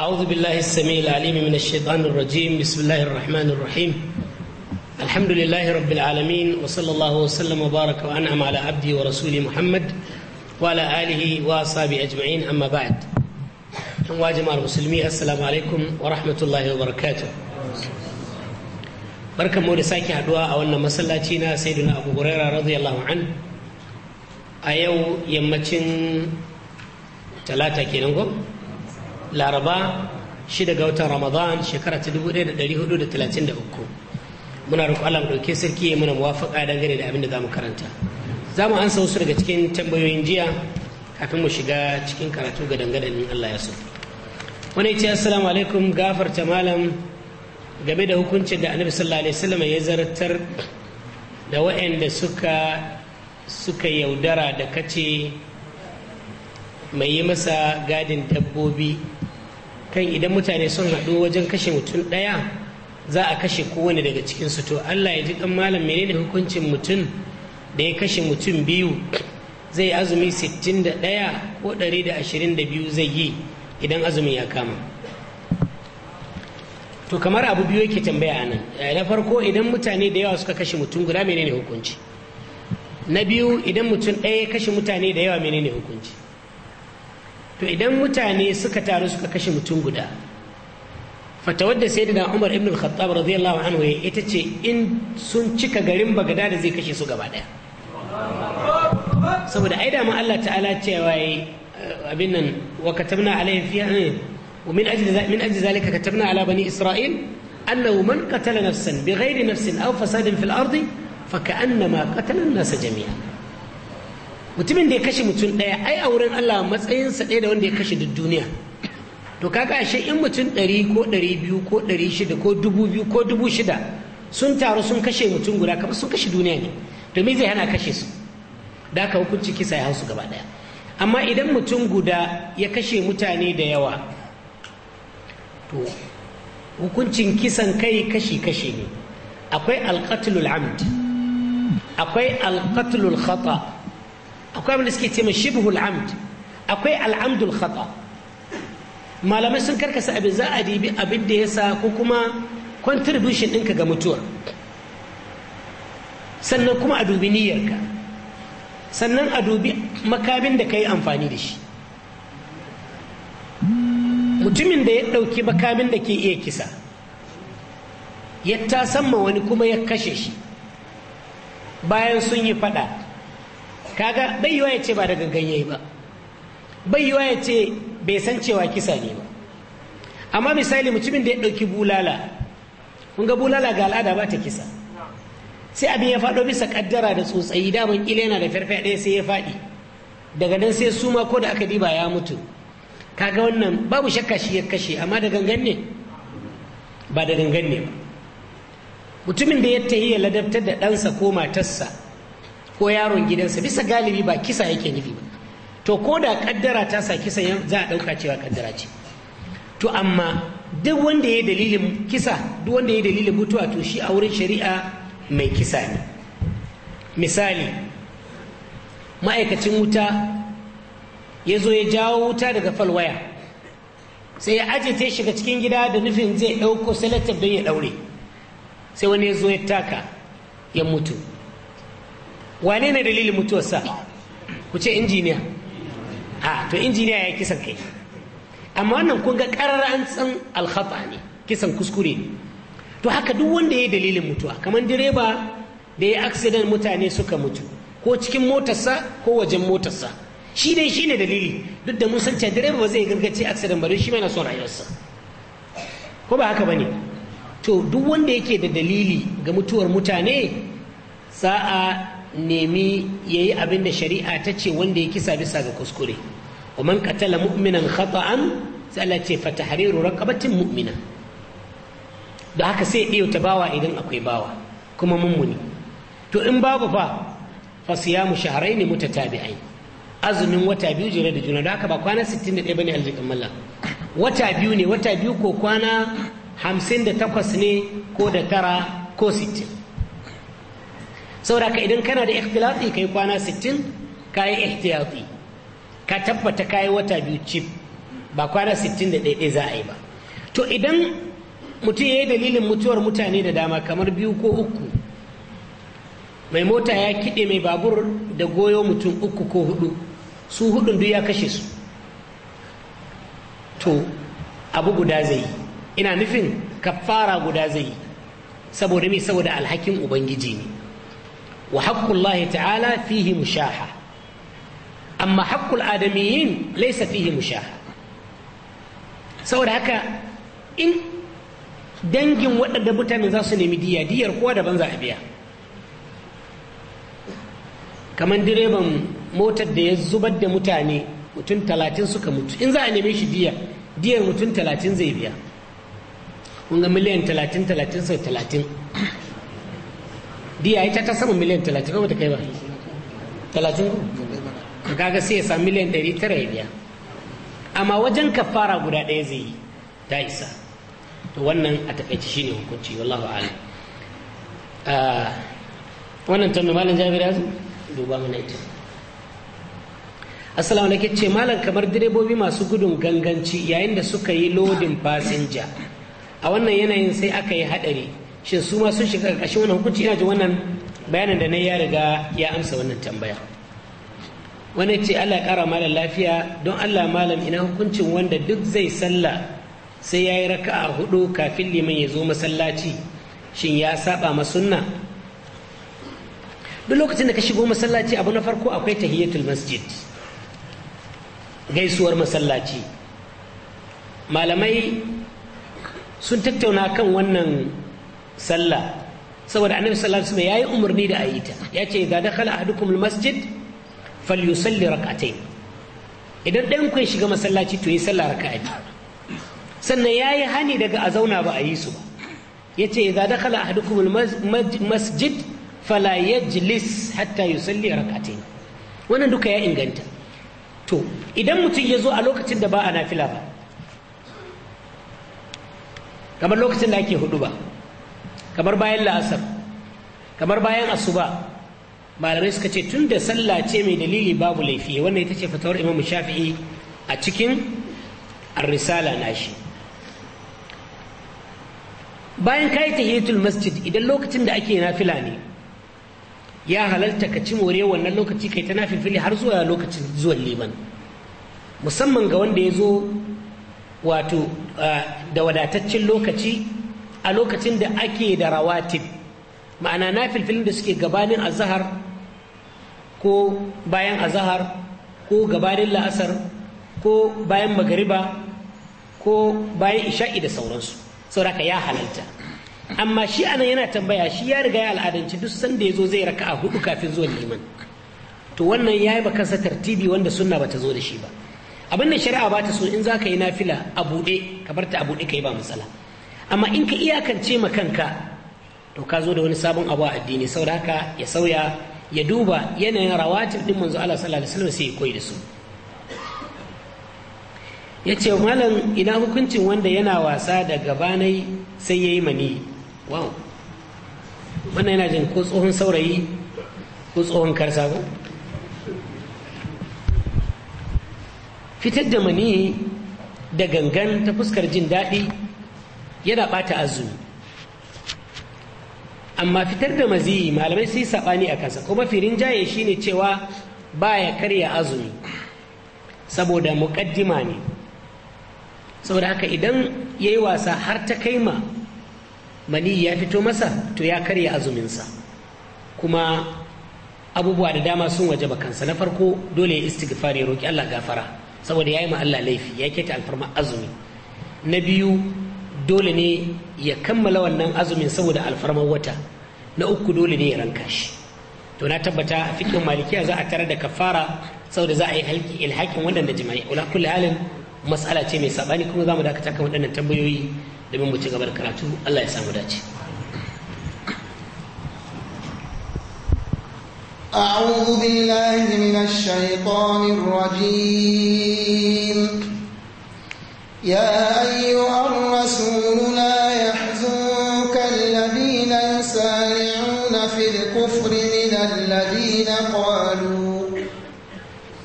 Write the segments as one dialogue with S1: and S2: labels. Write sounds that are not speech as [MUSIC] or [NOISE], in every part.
S1: أعوذ بالله السميع العليم من الشيطان الرجيم بسم الله الرحمن الرحيم الحمد لله رب العالمين وصلى الله وسلم وبارك وأنعم على عبده ورسوله محمد وعلى آله وأصحابه أجمعين أما بعد واجمع المسلمين السلام عليكم ورحمة الله وبركاته barkan mu da sake haduwa a wannan masallaci na sayyidina abu huraira radiyallahu an a yau yammacin talata kenan gwamnati laraba shida ga watan ramadan shekara ta da 1433 muna roƙo Allah mu dauke sarki ya muna muwafaqa dangane da abin da zamu karanta za mu ansa wasu daga cikin tambayoyin jiya kafin mu shiga cikin karatu ga dangane Allah ya so wani ce assalamu alaikum gafarta malam game da hukuncin da annabi sallallahu alaihi wasallam ya zartar da waɗanda suka suka yaudara da kace mai yi masa gadin dabbobi kan idan mutane sun haɗu wajen kashe mutum ɗaya za a kashe kowane daga cikinsu to allah ya ji ɗan malam menene hukuncin mutum da ya kashe mutum biyu zai azumi 61 ko 122 zai yi idan azumin ya kama to kamar abu biyu yake tambaya a nan eh, na farko idan mutane da yawa suka kashe mutum guda menene hukunci na biyu idan mutum ɗaya ya kashe mutane da yawa menene hukunci to idan mutane suka taru suka kashe mutum guda fatawar da sai da umar ibn al-khattab radiyallahu anhu ya ita ce in sun cika garin bagada da zai kashe su gaba daya saboda ai da Allah ta'ala cewa yi eh, abin nan wa katabna alaihim fiha eh, wa min ajli min ajli zalika katabna ala bani isra'il annahu man qatala nafsan bighairi nafsin aw fasadin fil ardi fa ka'annama qatala an-nasa jami'an mutumin da ya kashe mutum ɗaya ai a wurin Allah matsayinsa ɗaya da wanda ya kashe duk duniya to kaga ashe in mutum ɗari ko ɗari biyu ko ɗari shida ko dubu biyu ko dubu shida sun taru sun kashe mutum guda kamar sun kashe duniya ne to me zai hana kashe su da aka hukunci kisa ya hausu gaba ɗaya amma idan mutum guda ya kashe mutane da yawa to hukuncin kisan kai kashi-kashi ne akwai alƙatulul amd akwai alƙatulul khata' akwai abin da suke ce mai shibhul amd akwai al'amdul khata malamai sun karkasa abin za a dibi abin da ya sa ko kuma contribution ɗinka ga mutuwar sannan kuma a dubi niyyarka sannan a dubi makamin da ka yi amfani da shi mutumin da ya ɗauki makamin da ke iya kisa ya tasamma wani kuma ya kashe shi bayan sun yi faɗa kaga bai yiwa ya ce ba da gangan ya yi ba bai yiwa ya ce bai san cewa kisa ne ba amma misali mutumin da ya ɗauki bulala kun ga bulala ga al'ada ba ta kisa sai abin ya faɗo bisa kaddara da tsotsayi daman ƙila yana da farfa ɗaya sai ya faɗi daga nan sai suma ko da aka diba ya mutu kaga wannan babu shakka shi ya kashe amma da gangan ne ba da gangan ne ba mutumin da ya tahi ya ladabtar da ɗansa ko matarsa ko yaron gidansa bisa galibi ba kisa yake nufi ba to ko da kaddara ta sa kisa za a ɗauka cewa kaddara ce to amma duk wanda ya dalilin kisa duk wanda ya dalilin mutuwa to shi a wurin shari'a mai kisa ne misali ma'aikacin wuta ya zo ya jawo wuta daga falwaya sai ya ajiye ta shiga cikin gida da nufin zai ɗauko salatar don ya ɗaure sai wani ya zo ya taka ya mutu wane ne dalilin mutuwarsa ku ce injiniya Ha, to injiniya ya kisan kai amma wannan kun ga karar an san alhafa ne kisan kuskure ne to haka duk wanda ya yi dalilin mutuwa kamar direba da ya accident mutane suka mutu ko cikin motarsa ko wajen motarsa shi dai shi ne dalili duk da mun san cewa direba ba zai gargace accident ba don shi mai na son rayuwarsa ko ba haka ba ne to duk wanda yake da dalili ga mutuwar mutane za a nemi yi abin da shari'a ta ce wanda ya kisa bisa ga kuskure wa man qatala mu'minan khata'an sai Allah ce fa tahriru raqabatin mu'mina da haka sai iya ta bawa idan akwai bawa kuma mummuni to in babu fa fa siyamu shahrayn mutatabi'ain azumin wata biyu jira da juna da haka ba kwana 61 bane aljikin malla wata biyu ne wata biyu ko kwana 58 ne ko da tara ko 60 saboda ka idan kana da ikhtilati kai kwana 60 kai ihtiyati ka tabbata kai wata biyu chip ba kwana 60 da ɗaiɗai za a yi ba to idan mutum ya yi dalilin mutuwar mutane da dama kamar biyu ko uku mai mota ya kiɗe mai babur da goyo mutum uku ko hudu su hudun duk ya kashe su to abu guda zai yi ina nufin kafara guda zai yi saboda me saboda alhakin ubangiji ne وحق الله تعالى فيه مشاحة أما حق الآدميين ليس فيه مشاحة saboda haka in dangin waɗanda mutane za su nemi diya diyar kowa daban za a biya kamar direban motar da ya zubar da mutane mutum talatin suka mutu in za a neme shi diya diyar mutum talatin zai biya kunga miliyan talatin talatin sau talatin diya ita ta sama miliyan talatin kawai ta kai ba talatin ko kaga sai ya samu miliyan ɗari tara ya biya amma wajen kafara guda ɗaya zai yi ta isa to wannan a takaici ne hukunci wallahu a'lam ah, wannan tannu malam jabir yazo duba mana ita assalamu alaikum ce malam kamar direbobi masu gudun ganganci yayin da suka yi lodin fasinja a wannan yanayin sai aka yi hadari shin su ma sun shiga ƙarƙashin wannan hukunci ina ji wannan bayanin da na ya riga ya amsa wannan tambaya wani ce allah ƙara malam lafiya don allah malam ina hukuncin wanda duk zai sallah sai ya yi a hudu kafin liman ya zo masallaci shin ya saba ma sunna duk lokacin da ka shigo masallaci abu na farko akwai tahiyatul masjid gaisuwar masallaci malamai sun tattauna kan wannan sallah saboda annabi sallallahu alaihi wasallam yayi umarni da ayi ta yace idza dakhala ahadukum almasjid falyusalli rak'atayn idan ɗan ku ya shiga masallaci to yi sallah raka'a sannan yayi hani daga a zauna ba a yi su ba yace idza dakhala ahadukum almasjid fala yajlis hatta yusalli rak'atayn wannan duka ya inganta to idan mutum ya zo a lokacin da ba a nafila ba kamar lokacin da ake hudu ba kamar bayan la'asar kamar bayan asuba malamai suka ce tun da sallah ce mai dalili babu laifi wannan ita ce fatawar imam shafi'i a cikin arrisala na shi. bayan ta tahiyatul masjid idan lokacin da ake nafila ne ya halalta ka ci more wannan lokaci kai ta nafifili har zuwa lokacin zuwan liman musamman ga wanda ya zo wato ah, da wadataccen lokaci a lokacin da ake da rawatib ma'ana na filfilin da suke gabanin azahar ko bayan azahar ko gabanin la'asar ko bayan magariba ko bayan isha'i da sauransu sauraka ya halalta amma shi anan yana tambaya shi ya riga ya al'adanci duk sanda ya zo zai raka a hudu kafin zuwan liman to wannan ya yi kansa tartibi wanda sunna bata zo da shi ba abin da shari'a ba ta so in za ka yi nafila a buɗe ka ta a buɗe ka yi ba matsala amma in ka iyakance ma kanka to ka zo da wani sabon abu a addini saboda haka ya sauya ya duba yanayin rawatir din manzo Allah sallallahu alaihi wasallam sai ya koyi da su ya ce malam ina hukuncin wanda yana wasa da gabanai sai ya yi mani wow wannan yana jin ko tsohon saurayi ko tsohon karsa ko fitar da mani da gangan ta fuskar jin daɗi yana ɓata azumi amma fitar da maziyi malamai yi saɓani a kansa kuma firin jaye ne cewa ba ya karya azumi saboda muƙaddima ne saboda haka idan ya yi wasa har ta kai ma mani ya fito masa to ya karya azuminsa kuma abubuwa da dama sun waje kansa na farko dole ya istighfar ya roƙi Allah gafara saboda ya yi ma Allah laifi ya keta alfarma azumi na biyu dole ne ya kammala wannan azumin saboda alfarmar wata na uku dole ne ya ranka shi to na tabbata a fikin malikiya za a tare da kafara saboda za a yi ilhakin waɗanda jima'i ula kulli halin matsala ce mai sabani kuma za mu dakata kan waɗannan tambayoyi domin mu ci gaba da karatu Allah ya samu dace
S2: أعوذ بالله من الشيطان الرجيم يا أيها الرسول لا يحزنك الذين يسارعون في الكفر من الذين قالوا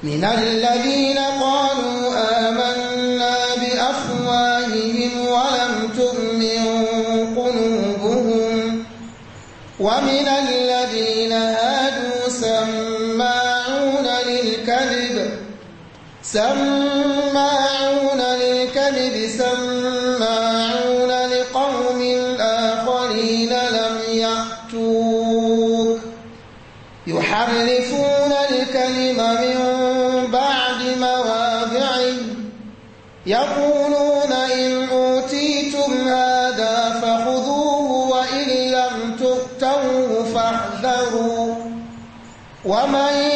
S2: من الذين قالوا آمنا بأفواههم ولم تؤمن قلوبهم ومن الذين هادوا سماعون للكذب سماعون الكذب سماعون لقوم آخرين لم يأتوك يحرفون من بعد مواضعه يقولون إن أوتيتم هذا فخذوه وإن لم تؤتوه فاحذروا ومن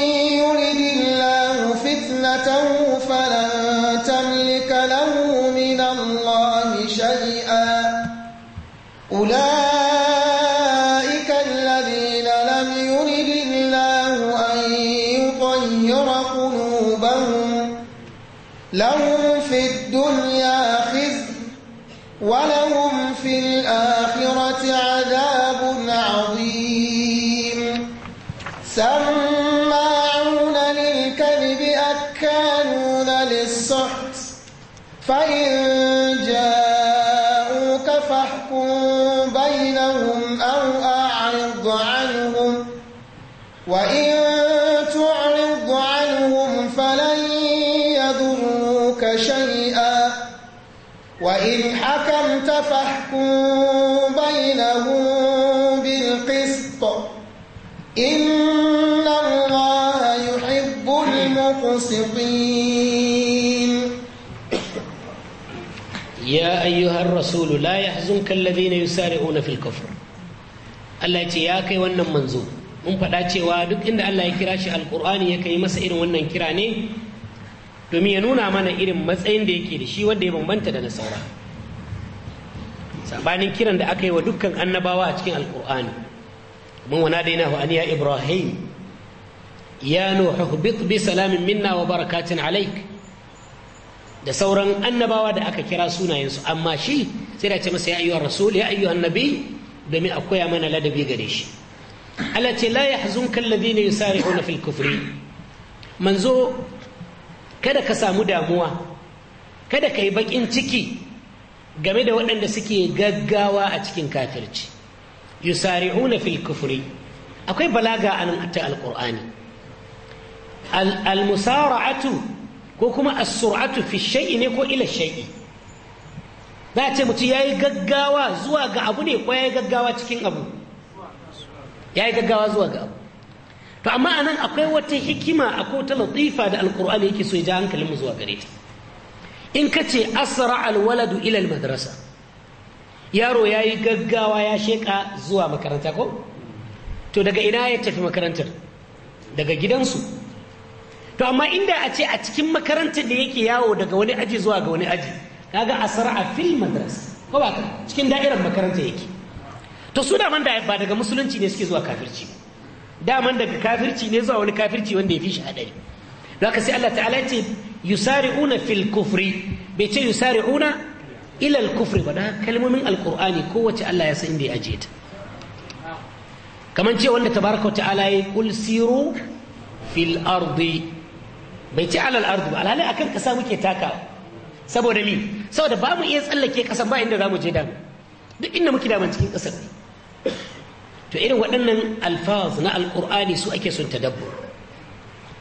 S1: أيها الرسول لا يحزنك الذين يسارعون في الكفر الله يتي ya kai wannan manzo. mun faɗa cewa duk inda Allah ya kira shi alƙur'ani ya kai masa irin wannan kira ne domin ya nuna mana irin matsayin da yake da shi wanda ya bambanta da na saura sabanin kiran da aka yi wa dukkan annabawa a cikin alƙur'ani mun wana daina wa aniya ibrahim ya nuhu bi salamin minna wa barakatin alaik da sauran annabawa da aka kira sunayensu amma shi sai da ce masa ya ayyuwa rasul ya ayyuwa nabi domin a koya mana ladabi gare shi Allah ce la yahzunka alladhina yusari'una na filkufri manzo kada ka samu damuwa kada ka yi baƙin ciki game da waɗanda suke gaggawa a cikin kafirci yusari'una na filkufri akwai balaga a nan ta Alƙur'ani al musara'atu ko kuma a suratu fi shai'i ne ko ila shai'i za a ce mutum yi gaggawa zuwa ga abu ne ko yi gaggawa cikin abu Ya yi gaggawa zuwa ga abu to amma anan akwai wata hikima a ko ta latifa da alkur'ani yake so ya ja hankalin mu zuwa gare ta in ka ce asara alwaladu ilal madarasa. yaro ya yi gaggawa ya sheka zuwa makaranta ko to daga ina ya tafi makarantar daga gidansu to amma inda a ce a cikin makarantar da yake yawo daga wani aji zuwa ga wani aji kaga asara a fil madras ko ba ka cikin da'irar makarantar yake to su daman da ba daga musulunci ne suke zuwa kafirci daman daga kafirci ne zuwa wani kafirci wanda ya fi shi hadari don haka sai Allah ta'ala ya ce yusari'una fil kufri bai ce yusari'una ilal kufri ba da kalmomin alkur'ani kowace Allah ya san inda ya ajiye ta kamar ce wanda tabaraka ta'ala ya kul siru fil ardi bai ci alal ardu alhali akan kasa muke takawa saboda mi saboda ba mu iya tsallake kasan ba inda za mu je damu duk inda muke daman cikin kasar ne to irin waɗannan alfaz na alƙur'ani su ake son tadabbur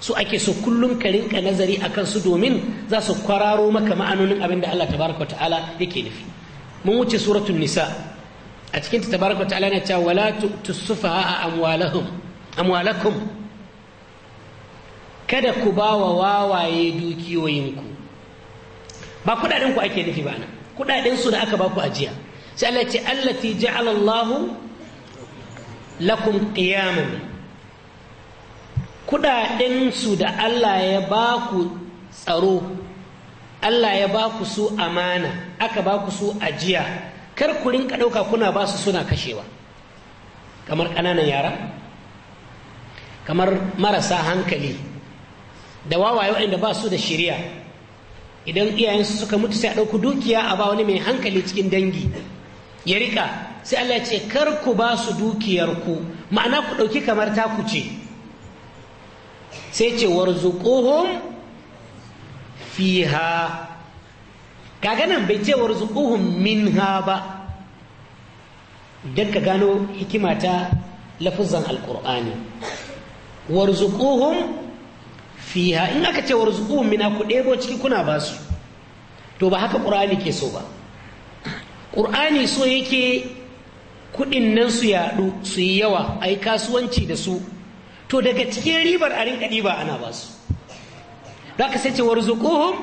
S1: su ake so kullum ka rinka nazari akan su domin za su kwararo maka ma'anonin abin da Allah tabaraka ta'ala yake nufi mun wuce suratul nisa a cikin ta tabaraka ta'ala na cewa wala tusufaha amwalahum amwalakum kada ku ba wa wawaye dukiyoyinku ba kudaden ku ake nufi ba nan kudaden su da aka ba ku ajiya sai Allah ce allati ja'ala Allahu lakum qiyaman kudaden su da Allah ya ba ku tsaro Allah ya ba ku su amana aka ba ku su ajiya kar ku rinka dauka kuna ba su suna kashewa kamar ƙananan yara kamar marasa hankali da wawaye waɗanda ba su da shirya idan iyayensu suka mutu sai a ɗauku dukiya a ba wani mai hankali cikin dangi ya rika sai Allah ce kar ku ba su ku ma'ana ku ɗauki kamar ku ce sai ce warzuquhum fiha kaga nan bai ce warzuquhum minha ba Idan ka gano hikima ta lafazan alqur'ani warzuquhum fiha in aka ce warzuqu mina ku ɗebo ciki kuna ba su to ba haka ƙur'ani ke so ba Ƙur'ani so yake kuɗin nan su yaɗu su yi yawa a yi kasuwanci da su to daga cikin ribar a rinka ɗiba ana ba su za ka sai ce warzuquhum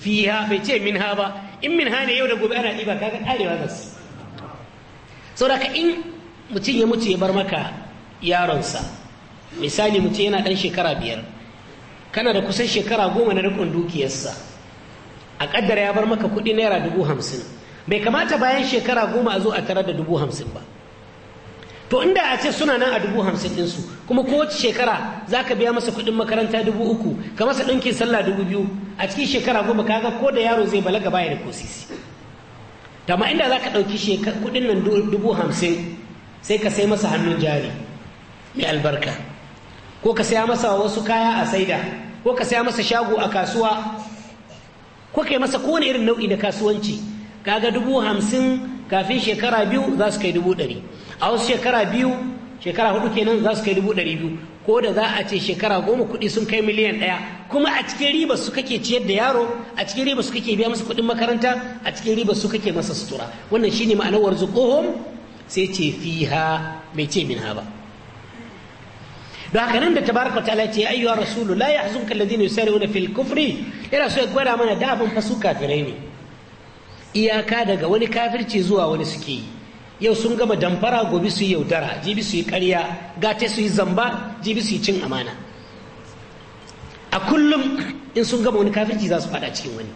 S1: fiha bai ce minha ba in minha ne yau da gobe ana ɗiba kaga ƙarewa ga su saboda ka in mutum ya mutu ya bar maka yaronsa misali mutum yana ɗan shekara biyar kana da kusan shekara goma na rikon dukiyarsa a kaddara ya bar maka kuɗi naira dubu hamsin bai kamata bayan shekara goma a zo a tarar da dubu hamsin ba to inda a ce suna nan a dubu hamsin ɗinsu kuma kowace shekara za ka biya masa kuɗin makaranta dubu uku ka masa ɗinkin sallah dubu biyu a cikin shekara goma kaga ko da yaro zai balaga baya da kosisi tama inda za ka ɗauki kuɗin nan dubu hamsin sai ka sai masa hannun jari mai albarka ko ka saya masa wasu kaya a saida ko ka saya masa shago a kasuwa ko kai masa kowane irin nau'i da kasuwanci kaga dubu hamsin kafin shekara biyu za su kai dubu ɗari a wasu shekara biyu shekara hudu kenan za su kai dubu ɗari biyu ko da za a ce shekara goma kuɗi sun kai miliyan ɗaya kuma a cikin riba su kake ciyar da yaro a cikin riba su kake biya masa kuɗin makaranta a cikin riba su kake masa sutura wannan shine ma'anar warzuqohum sai ce fiha bai ce min ha ba da haka nan da tabaraka ta'ala ce ayyuha rasulu la yahzunka alladhina yusari'una fil kufri ina so ya gwada mana da abin fasu kafirai ne iyaka daga wani kafirci zuwa wani suke yi yau sun gama damfara gobe su yi yaudara jibi su yi ƙarya gate su yi zamba jibi su cin amana a kullum in sun gama wani kafirci za su fada cikin wani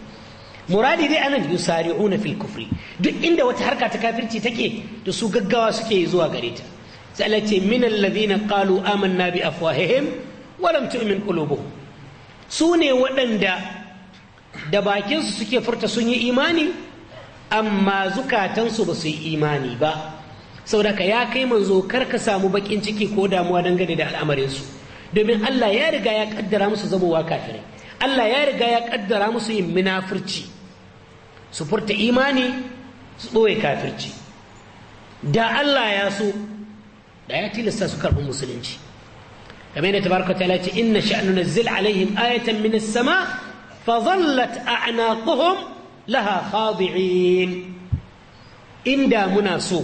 S1: muradi dai anan yusari'una fil kufri duk inda wata harka ta kafirci take da su gaggawa suke zuwa gare ta sai Allah ce min alladhina qalu amanna bi afwahihim wa lam tu'min qulubuhum su ne waɗanda da bakinsu suke furta sun yi imani amma zukatansu ba su yi imani ba saboda ka ya kai manzo kar ka samu bakin ciki ko damuwa dangane da al'amarinsu domin Allah ya riga ya kaddara musu zamowa kafirai Allah ya riga ya kaddara musu yin munafurci su furta imani su ɓoye kafirci da Allah ya so da ya tilasta su karɓi musulunci kamar yadda tabaraka ta ce inna sha'nu nazzil alaihim ayatan min as-sama fa dhallat a'naquhum laha khadi'in inda muna so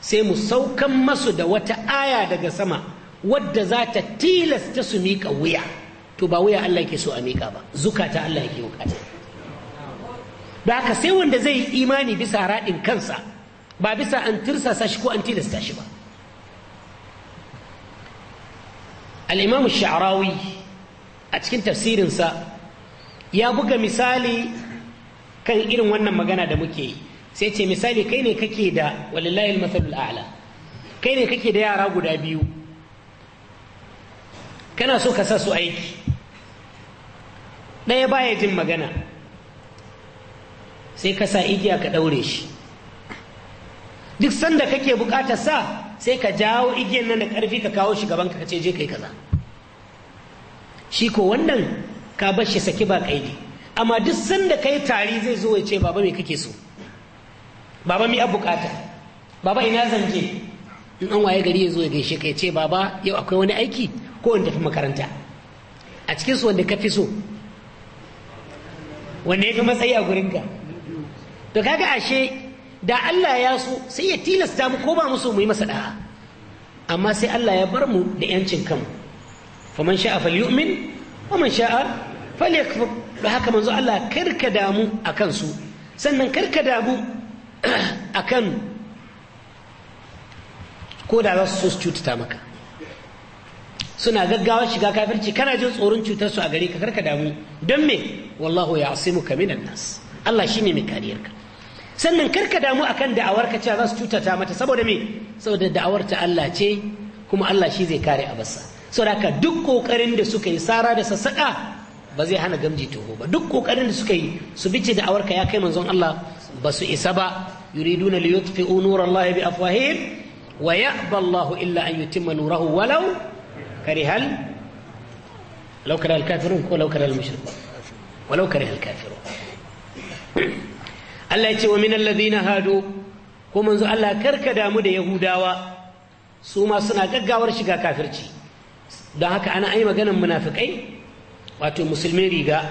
S1: sai mu saukan masu da wata aya daga sama wadda za ta tilasta su miƙa wuya to ba wuya Allah yake so a miƙa ba zukata Allah yake bukata da haka sai wanda zai yi imani bisa raɗin kansa ba bisa an tirsasa shi ko an tilasta shi ba al'imamu sha'arawi a cikin tafsirinsa ya buga misali kan irin wannan magana da muke yi sai ce misali kai ne kake da walillahi masalul a'la kai ne kake da yara guda biyu kana so ka sa su aiki ɗaya baya jin magana sai ka sa igiya ka ɗaure shi duk sanda kake buƙatar sa sai ka jawo igiyan nan da ƙarfi ka kawo shi gaban ka ce je kai kaza shi ko wannan ka bar shi saki ba kaidi amma duk sanda kai tari zai zo ya ce baba me kake so baba mi abu kata baba ina zanje in an waye gari ya zo ya gaishe ka ya ce baba yau akwai wani aiki ko in tafi makaranta a cikin su wanda ka fi so wanda ya fi matsayi a gurinka to kaga ashe da Allah ya so sai ya tilasta mu ko ba mu so mu yi masa da'a amma sai Allah ya bar mu da yancin kanmu faman sha'a falyu'min wa man sha'a falyakfur da haka manzo Allah karka damu akan su sannan karka damu akan [CLEARS THROAT] ko da za su so cutata maka suna gaggawa shiga kafirci kana jin tsoron cutarsu a gare ka karka damu don me wallahu ya asimu ka minan nas Allah shine mai kariyarka sannan karka damu akan kan da'awarka cewa za su cutata mata saboda me saboda da'awar ta Allah ce kuma Allah shi zai kare abarsa saboda haka duk kokarin da suka yi sara da sassaƙa ba zai hana gamji toho ba duk kokarin da suka yi su bice da'awarka ya kai manzon Allah ba su isa ba yuriduna li yutfi'u nurallahi bi afwahihim wa ya'ba Allahu illa an yutimma nurahu walau karihal لو Allah ya ce wa minan ladina hadu ko manzo Allah karka damu da yahudawa su ma suna gaggawar shiga kafirci don haka ana ai maganan munafikai wato Musulmi riga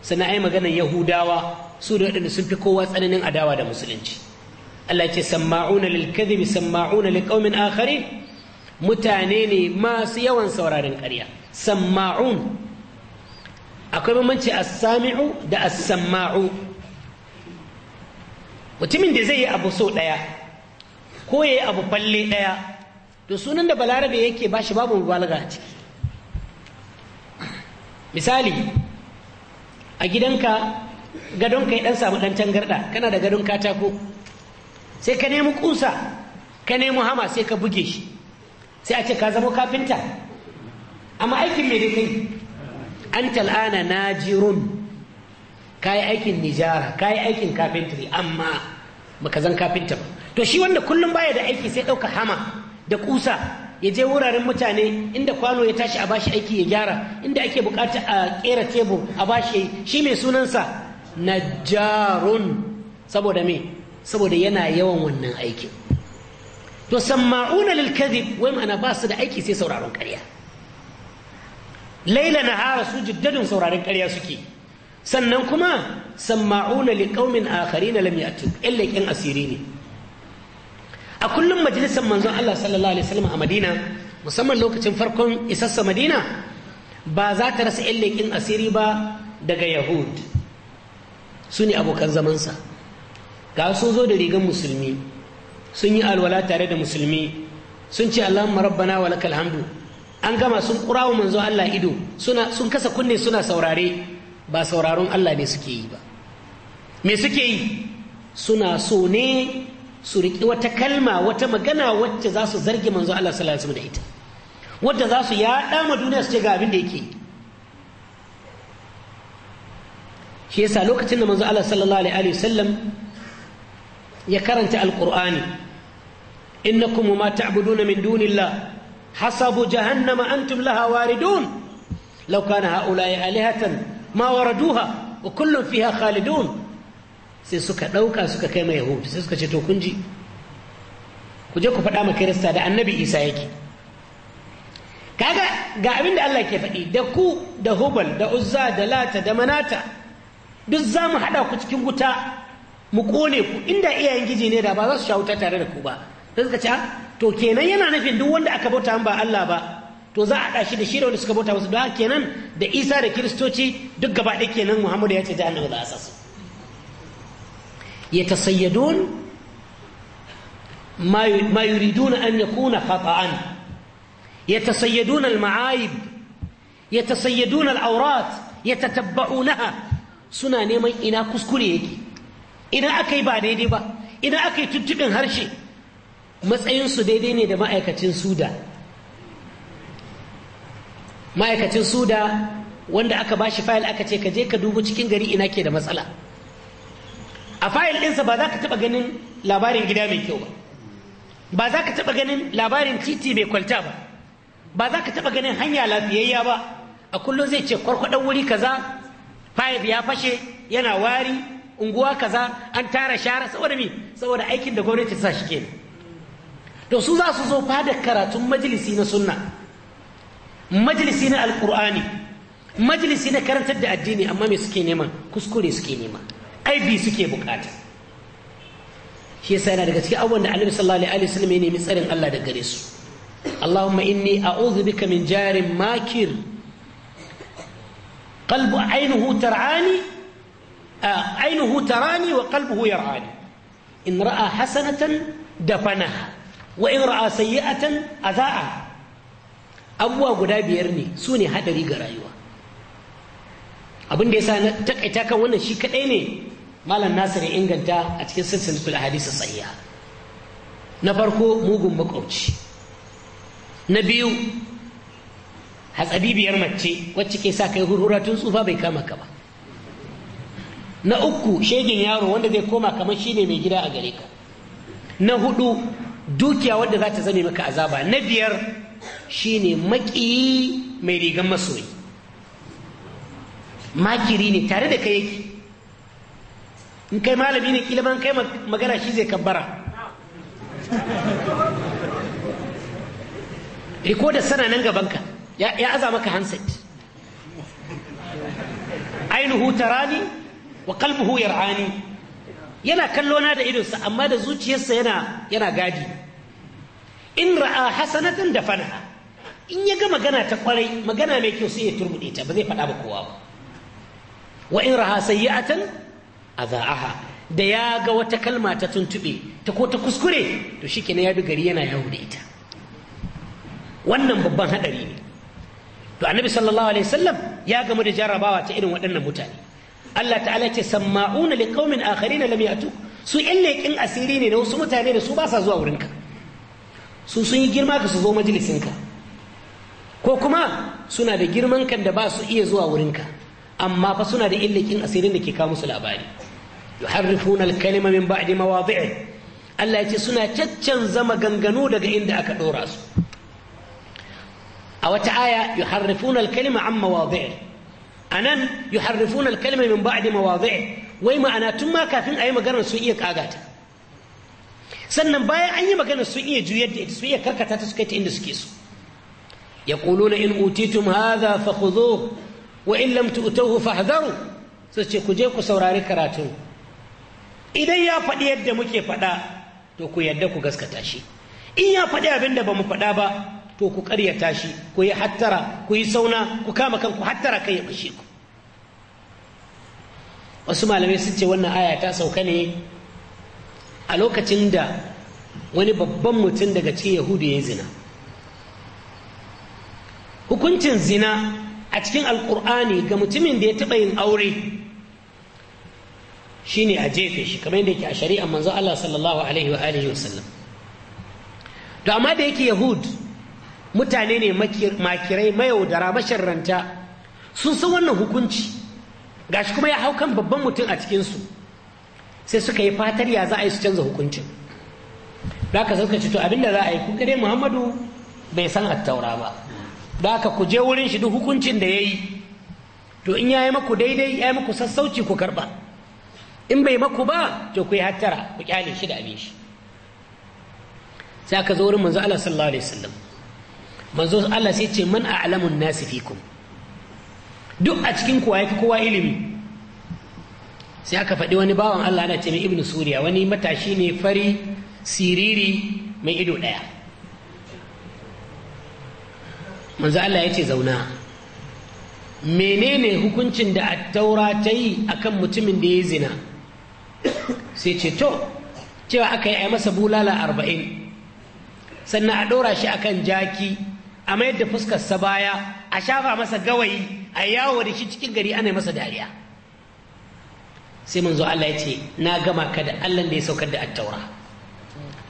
S1: suna ai maganan yahudawa su da waɗanda sun fi kowa tsananin adawa da musulunci Allah ce samma'una lil kadhibi samma'una li qaumin akharin mutane ne masu yawan sauraron ƙarya samma'un akwai bambanci as-sami'u da as-samma'u mutumin da zai yi abu so ɗaya ko ya yi abu falle ɗaya to sunan da balarabe yake ba shi babu mubalaga a ciki misali a gidanka gadon ka ya ɗan samu ɗan tangarɗa kana da gadon katako sai ka nemi ƙusa ka nemi hama sai ka buge shi sai a ce ka zama kafinta amma aikin mai kai an tal'ana Jirun. ka yi aikin nijara ka yi aikin kafintiri amma baka zan kafinta ba to shi wanda kullum baya da aiki sai ɗauka hama da kusa ya je wuraren mutane inda kwano ya tashi a bashi aiki ya gyara inda ake bukata a kera tebur a bashi shi mai sunansa najjarun saboda me saboda yana yawan wannan aikin to samma'una lil kadhib wai ma'ana ba su da aiki sai sauraron ƙarya laila nahara su jiddadin sauraron ƙarya suke sannan kuma samma'una liqaumin akharina lam ya'tu illa kin asiri ne a kullum majalisar manzon Allah sallallahu alaihi wasallam a Madina musamman lokacin farkon isassa Madina ba za ta rasa yan leƙin asiri ba daga Yahud su ne abokan zamansa ga sun zo da rigar musulmi sun yi alwala tare da musulmi sun ce Allahumma rabbana wa lakal hamdu an gama sun kurawa manzo Allah ido suna sun kasa kunne suna saurare ba sauraron Allah ne suke yi ba me suke yi suna so ne su riƙi wata kalma wata magana wacce za su zargi manzo Allah sallallahu alaihi da ita wadda za su yaɗa ma duniya su ce ga abin da yake shi yasa lokacin da manzo Allah sallallahu alaihi wasallam ya karanta alqur'ani innakum ma ta'buduna min dunillah hasabu jahannama antum laha waridun law kana haula'i alihatan ma waraduha wa kullum fiha khalidun sai suka ɗauka suka kai mai yahudu sai suka ce to kun ji ku je ku faɗa ma kirista da annabi isa yake kaga ga abin da Allah ke faɗi da ku da hubal da uzza da lata da manata duk za mu haɗa ku cikin wuta mu ƙone ku inda iyayen giji ne da ba za su sha wuta tare da ku ba sai suka ce ah, to kenan yana nufin duk wanda aka bauta ba Allah ba to za a ɗashi da shi da wanda suka bauta musu don kenan da isa da kiristoci duk gaba ɗaya kenan muhammadu ya ce ta annabi za a sasu ya tasayyadun ma yuriduna an yakuna khata'an يتسيدون المعايب يتسيدون الأورات يتتبعونها suna neman ina kuskure yake ina aka yi ba daidai ba ina aka yi tuntuɓin harshe matsayinsu daidai ne da ma'aikacin suda ma'aikacin suda wanda aka bashi fayil aka ce ka je ka dubu cikin gari ina ke da matsala a fayil ɗinsa ba za ka taɓa ganin labarin gida mai kyau ba ba za ka taɓa ganin labarin titi mai kwalta ba ba za ka taɓa ganin hanya lafiyayya ba a kullum zai ce kwarkwaɗan wuri kaza fayil ya fashe yana wari unguwa kaza an tara shara saboda mi saboda aikin da gwamnati ta sa shi kenan to su za su zo fadar karatun majalisi na sunna majalisi na Alƙur'ani majalisi na karantar da addini amma me suke nema kuskure suke nema aibi suke bukata shi yasa yana daga cikin abubuwan da annabi sallallahu alaihi wasallam ya nemi tsarin Allah da gare su Allahumma inni a'udhu bika min jarin makir qalbu aynuhu tar'ani aynuhu tarani wa qalbuhu yar'ani in ra'a hasanatan dafanaha wa in ra'a sayyi'atan adha'aha abubuwa guda biyar ne su ne haɗari ga rayuwa abin da ya sa na takaita kan wannan shi kaɗai ne malam Nasiru ya inganta a cikin kula hadisa sahiha na farko mugun makwabci na biyu hatsabibiyar mace wacce ke sa kai hurhura tun tsufa bai kama ka ba na uku shegin yaro wanda zai koma kamar shine mai gida a gare ka na hudu dukiya wadda za ta zame maka azaba na biyar Shi ne maƙiyi mai rigar masoyi makiri ne tare da kai yake in kai malami ne kila kai magana shi zai kabbara riko da sana nan gabanka ya aza maka handset ainihu tarani wa kalbuhu yar'ani yana kallona da idonsa amma da zuciyarsa yana yana gadi in ra'a hasanatan da fanaha in ya ga magana ta kwarai magana mai kyau sai ya turbude ta ba zai faɗa ba kowa ba wa in ra'a sayyi'atan adha'aha da ya ga wata kalma ta tuntube ta ko ta kuskure to shikenan ya bi gari yana yawo da ita wannan babban hadari ne to annabi sallallahu alaihi wasallam ya gamu da jarabawa ta irin waɗannan mutane Allah ta'ala ce samma'una liqaumin akharina lam yatu su ille kin asiri ne da wasu mutane da su ba sa zuwa wurinka su sun yi girma ka su zo majalisinka ko kuma suna da girman kan da ba su iya zuwa wurinka amma fa suna da illakin asirin da ke kawo musu labari yuharrifuna al-kalima min ba'di mawadhi'i Allah ya ce suna zama ganganu daga inda aka ɗora su a wata aya yuharrifuna al-kalima an mawadhi'i anan yuharrifuna al-kalima min ba'di mawadhi'i wai ma'ana tun ma kafin a yi maganar sun iya kagata sannan bayan an yi magana su iya juyar da ita su iya karkata ta su kai ta inda suke so yaquluna in utitum hadha fakhudhuhu wa in lam tu'tuhu fahdharu su ce ku je ku saurari karatun idan ya faɗi yadda muke faɗa to ku yadda ku gaskata shi in ya faɗi abin da ba mu faɗa ba to ku ƙaryata shi ku yi hattara ku yi sauna ku kama kanku hattara kai ya bashe ku wasu malamai sun ce wannan aya ta sauka ne a lokacin da wani babban mutum daga cikin yahudu ya zina hukuncin zina a cikin Alƙur'ani ga mutumin da ya taɓa yin aure shine a jefe shi kamar yadda yake a shari'a manzo Allah sallallahu alaihi wa alihi wa to amma da yake yahud mutane ne makirai mayaudara masharranta sun san wannan hukunci ga shi kuma ya hau kan babban mutum a cikinsu sai suka yi fatar ya za a yi su canza hukuncin da aka suka ce to abinda za a yi kuka muhammadu bai san attaura ba da aka ku je wurin shi duk hukuncin da ya yi to in ya yi maku daidai ya yi maku sassauci ku karɓa in bai maku ba to ku yi hattara ku kyale shi da abin shi sai aka zo wurin manzo Allah sallallahu alaihi wasallam manzo Allah sai ce man a'lamun nasi duk a cikin ku ya kowa ilimi sai aka faɗi wani bawan Allah na ce mai ibn suriya wani matashi ne fari siriri mai ido ɗaya manzo Allah ya ce zauna menene hukuncin da attaura ta yi akan mutumin da ya zina sai ce to cewa aka yi a masa bulala arba'in sannan a ɗora shi akan jaki a mayar da fuskarsa baya a shafa masa gawayi a yawo da shi cikin gari ana masa dariya sai manzo Allah ya ce na gama ka da Allah da ya saukar da attaura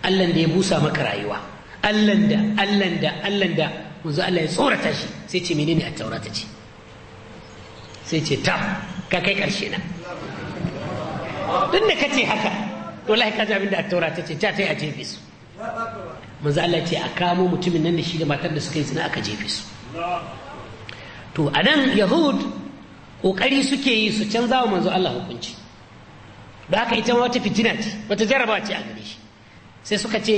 S1: Allah da ya busa maka rayuwa Allah da Allah da Allah da manzo Allah ya tsorata shi sai ce menene attaura ta ce sai ce ta ka kai karshe na duk da kace haka wallahi ka ji abin da attaura ta ce ta tai a jefe su manzo Allah ya ce a kamo mutumin nan da shi da matar da suka yi zina aka jefe su to anan yahud kokari suke yi su canza wa manzo Allah hukunci da haka ita wata fitina ce wata jaraba ce a gare shi sai suka ce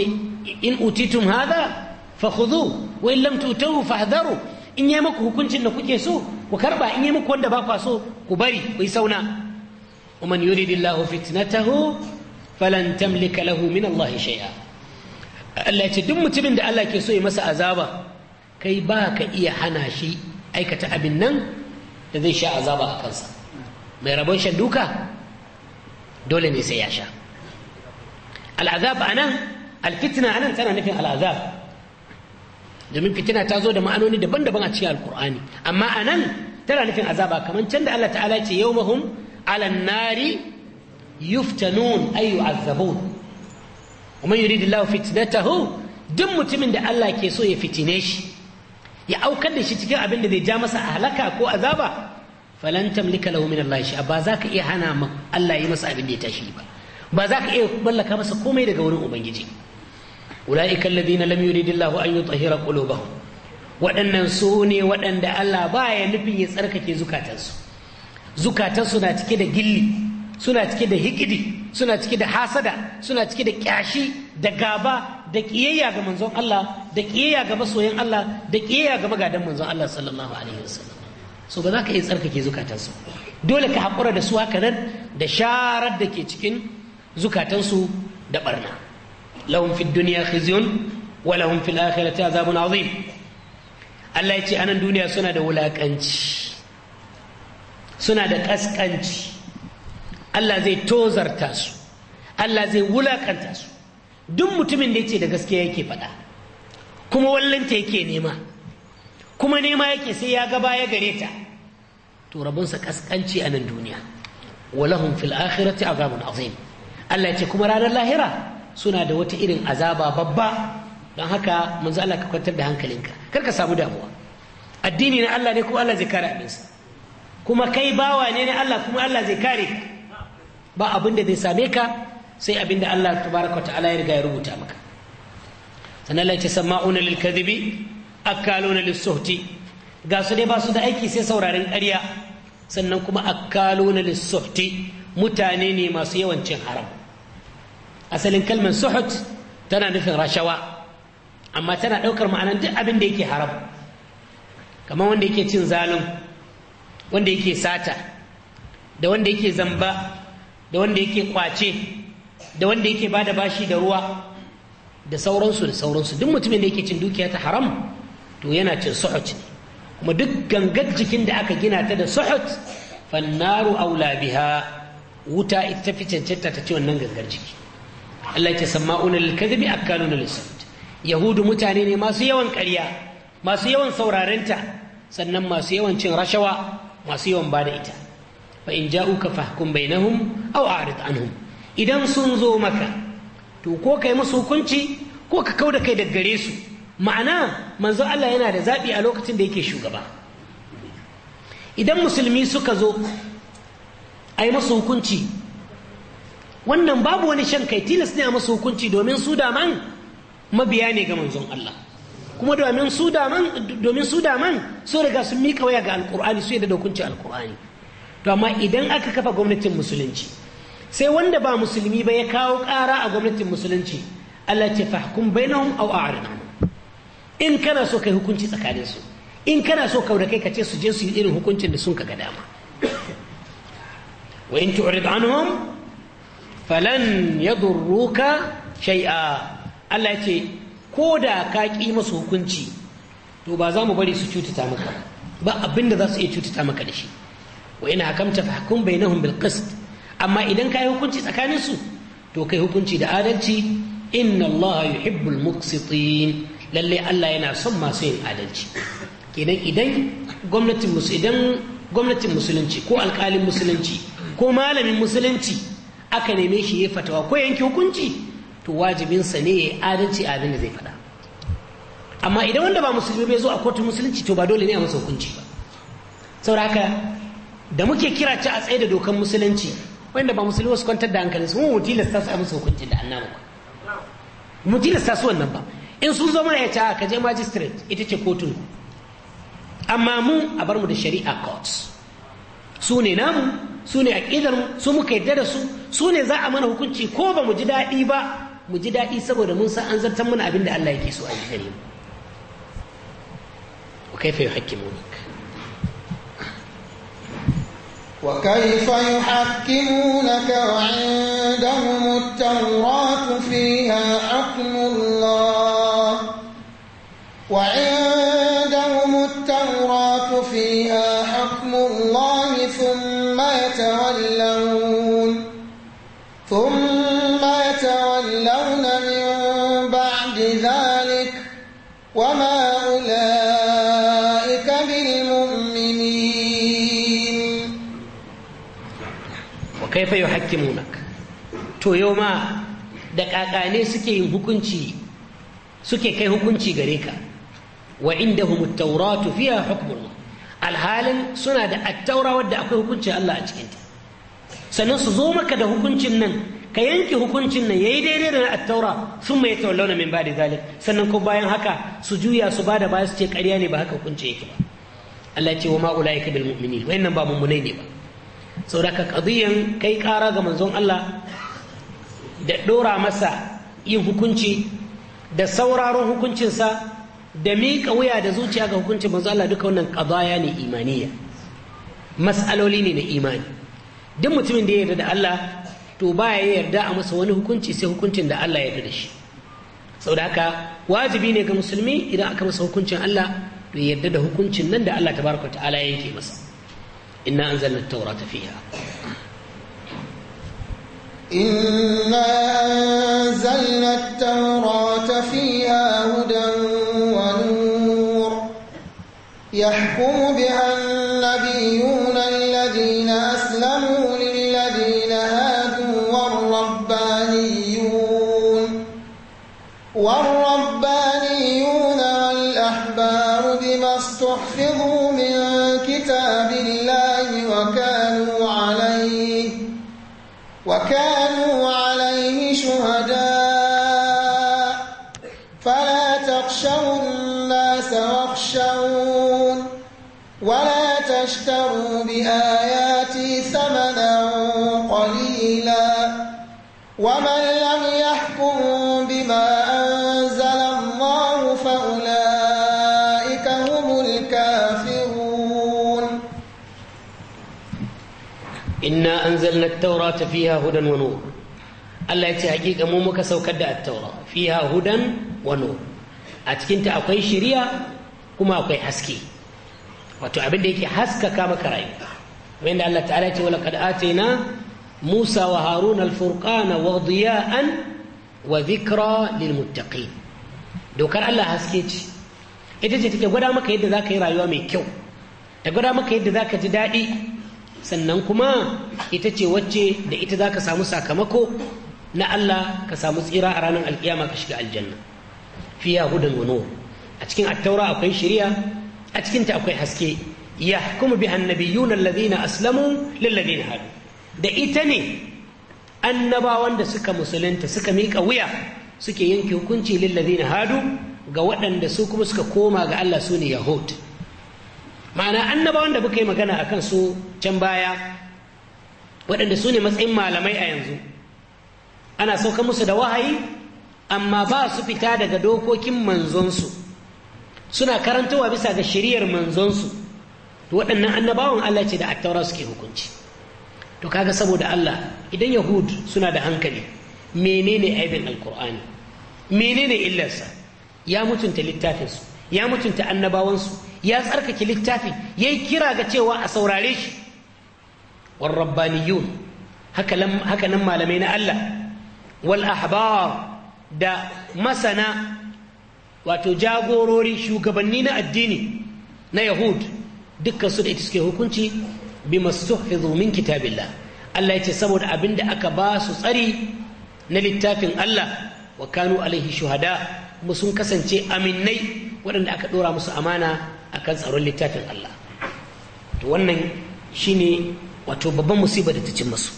S1: in utitum hadha fa khudhu wa in lam tutahu fahdharu in yi muku hukuncin da kuke so ku karba in yi muku wanda ba kwa so ku bari ku yi sauna ومن يريد الله فتنته فلن تملك له من الله Allah ce duk mutumin da Allah ke so ya masa azaba kai ba ka iya hana shi aikata abin nan da zai sha azaba a kansa mai rabon shan duka dole ne sai ya sha al'azab a nan alfitina a nan tana nufin al'azab domin fitina ta zo da ma'anoni daban-daban a cikin alkur'ani amma a nan tana nufin azaba kamar can da allah ta'ala ce yau mahum alan nari yuftanun ay yu'azzabun ومن يريد الله فتنته duk mutumin da Allah ke so ya fitine shi ya aukar da shi cikin abin da zai ja masa halaka ko azaba falan tamlika lahu min Allah shay'a ba za ka iya hana ma Allah yi masa abin da ya tashi ba ba za ka iya ballaka masa komai daga wurin ubangiji ulaika alladhina lam yurid Allah an yutahhira qulubahum waɗannan su ne waɗanda Allah ba ya nufin ya tsarkake zukatansu zukatansu na cike da gilli suna cike da hikidi suna cike da hasada suna cike da kyashi da gaba da kiyayya ga manzon Allah da kiyayya ga masoyan Allah da kiyayya ga magadan manzon Allah sallallahu alaihi wasallam so ba za ka iya tsarkake zukatansu dole ka haƙura da su haka nan da sharar da ke cikin zukatansu da barna lahum fid dunya khizyun wa lahum fil akhirati azabun azim Allah ya ce anan duniya suna da wulakanci suna da kaskanci Allah zai tozarta su Allah zai wulakanta su duk mutumin da yake da gaskiya yake faɗa kuma wallanta yake nema kuma nema yake sai ya ga baya gare ta to rabonsa kaskanci a nan duniya Walahun fil akhirati azabun azim Allah ya ce kuma ranar lahira suna da wata irin azaba babba don haka manzo Allah ka kwantar da hankalinka kar ka samu damuwa addini na Allah ne kuma Allah zai kare abinsa kuma kai bawa ne ne Allah kuma Allah zai kare ka ba abin da zai same ka sai abin da Allah tabaraka ta'ala ya riga ya rubuta maka sannan Allah ya ce sama'una lil kadhibi akaluna lissuhti ga su dai ba su da aiki sai sauraren ƙarya sannan kuma akaluna lissuhti mutane ne masu yawan cin haram asalin kalmar suhut tana nufin rashawa amma tana ɗaukar ma'anar duk abin da yake haram kamar wanda yake cin zalun wanda yake sata da wanda yake zamba da wanda yake kwace da wanda yake bada bashi da ruwa da sauransu da sauransu duk mutumin da yake cin dukiya ta haram to yana cin suhut ne kuma duk gangar jikin da aka gina ta da suhut fannaru aula biha wuta ita fi cancanta ta ci wannan gangar jiki Allah ya ce sama'una lil kadhibi akaluna yahudu mutane ne masu yawan karya masu yawan saurarenta sannan masu yawan cin rashawa masu yawan bada ita fa in ja'uka fahkum bainahum aw a'rid anhum idan sun zo maka to ko kai musu hukunci ko ka kauda kai daggare su ma'ana manzo Allah yana da zaɓi a lokacin da yake shugaba idan musulmi suka zo a yi masu hukunci wannan babu wani shan kai tilas ne a masu hukunci domin su daman mabiya ne ga manzon Allah kuma domin su daman domin su so riga sun mika waya ga alkur'ani su yadda da alƙur'ani alkur'ani to amma idan aka kafa gwamnatin musulunci sai wanda ba musulmi ba ya kawo ƙara a gwamnatin musulunci Allah ce fahkum bainahum aw a'rid in kana so kai hukunci tsakanin su in kana so kau da kai ka ce su je su yi irin hukuncin da sun ka ga dama wa in tu'rid anhum falan yadurruka shay'a Allah ya ce ko da ka ƙi masu hukunci to ba za mu bari su cutata maka ba abin da za su iya cutata maka da shi wa ina hakamta fahkum bainahum bil qist amma idan kai hukunci tsakanin su to kai hukunci da adalci inna Allah yuhibbul muqsitin lallai Allah yana son masu yin adalci kenan idan gwamnatin idan gwamnatin musulunci ko alkalin musulunci ko malamin musulunci aka neme shi ya fatawa ko yanke hukunci to wajibinsa ne ya adalci abin da zai faɗa amma idan wanda ba musulmi bai zo a kotun musulunci to ba dole ne a masa hukunci ba sauraka haka da muke kira ci a tsaye da dokan musulunci wanda ba musulmi wasu kwantar da hankalin su mu tilasta su a masa hukunci da annabi mu tilasta su wannan ba in sun zo mana ya ka je magistrate ita ce kotun amma mu a bar mu da shari'a courts su ne namu su ne mu su muka yadda da su su ne za a mana hukunci ko ba mu ji daɗi ba mu ji daɗi saboda mun san an zartan mana abin da Allah yake so a yi gare mu wa kaifa yuhakkimunik
S2: wa kaifa wa indahum at-tawratu fiha aqmul
S1: kai hakkin mu to yau ma da kakane suke yin hukunci suke kai hukunci gare ka wa inda at-tauratu fiha alhalin suna da attaura wadda akwai hukuncin Allah a cikinta sannan su zo maka da hukuncin nan ka yanke hukuncin nan yayi daidai da attaura sun mai tawallauna min ba da sannan ko bayan haka su juya su bada ba su ce karya ne ba haka hukunci yake ba Allah ce wa ma ulaika bil mu'minin ba mummunai ne ba sauraka ƙadiyan kai ƙara ga manzon Allah da ɗora masa yin hukunci da sauraron hukuncinsa da miƙa wuya da zuciya ga hukuncin manzon Allah duka wannan ƙadaya ne imaniya mas'aloli ne na imani duk mutumin da ya yarda da Allah to ba ya yarda a masa wani hukunci sai hukuncin da Allah ya yarda da shi da haka wajibi ne ga musulmi idan aka masa hukuncin Allah to ya yarda da hukuncin nan da Allah tabaraka ta'ala yake masa إنا أنزلنا التوراة فيها
S2: إنا أنزلنا التوراة فيها هدى
S1: inna anzalna at-taurata fiha hudan wa nur Allah ya ce hakika mu muka saukar da at-taura fiha hudan wa nur a cikinta akwai shiriya kuma akwai haske wato abin da yake haskaka maka rayuwa wanda Allah ta'ala ce wala kad Musa wa Harun al-Furqana wa diya'an wa dhikra lil muttaqin dokar Allah haske ce ita ce take gwada maka yadda zaka yi rayuwa mai kyau ta gwada maka yadda zaka ji daɗi sannan kuma ita ce wacce da ita za ka samu sakamako na Allah ka samu tsira a ranar alkiyama ka shiga aljanna fiya hudan wa nur a cikin attaura akwai shari'a a cikin ta akwai haske yahkumu bihan nabiyyun alladhina aslamu lil hadu da ita ne annabawan da suka musulunta suka miƙa wuya suke yanke hukunci lil hadu ga waɗanda su kuma suka koma ga Allah su ne yahud ma'ana annabawan da buka yi magana a kan su can baya waɗanda su ne matsayin malamai a yanzu ana saukar musu da wahayi amma ba su fita daga dokokin manzonsu suna karantawa bisa ga shiriyar manzonsu waɗannan annabawan Allah ce da attaura suke hukunci to kaga saboda Allah idan yahud suna da hankali menene aibin alkur'ani menene illarsa ya mutunta littafinsu ya mutunta annabawansu ya tsarkake littafi ya yi kira ga cewa a saurare shi wal hakanan malamai na Allah wal ahbar da masana wato jagorori shugabanni na addini na yahud dukkan su da ita suke hukunci bi mastuhfizu min kitabillah Allah ya ce saboda abin da aka ba su tsari na littafin Allah wa kanu alaihi shuhada kuma sun kasance aminnai waɗanda aka ɗora musu amana akan tsaron littafin Allah to wannan shine wato babban musibar da ta cin masu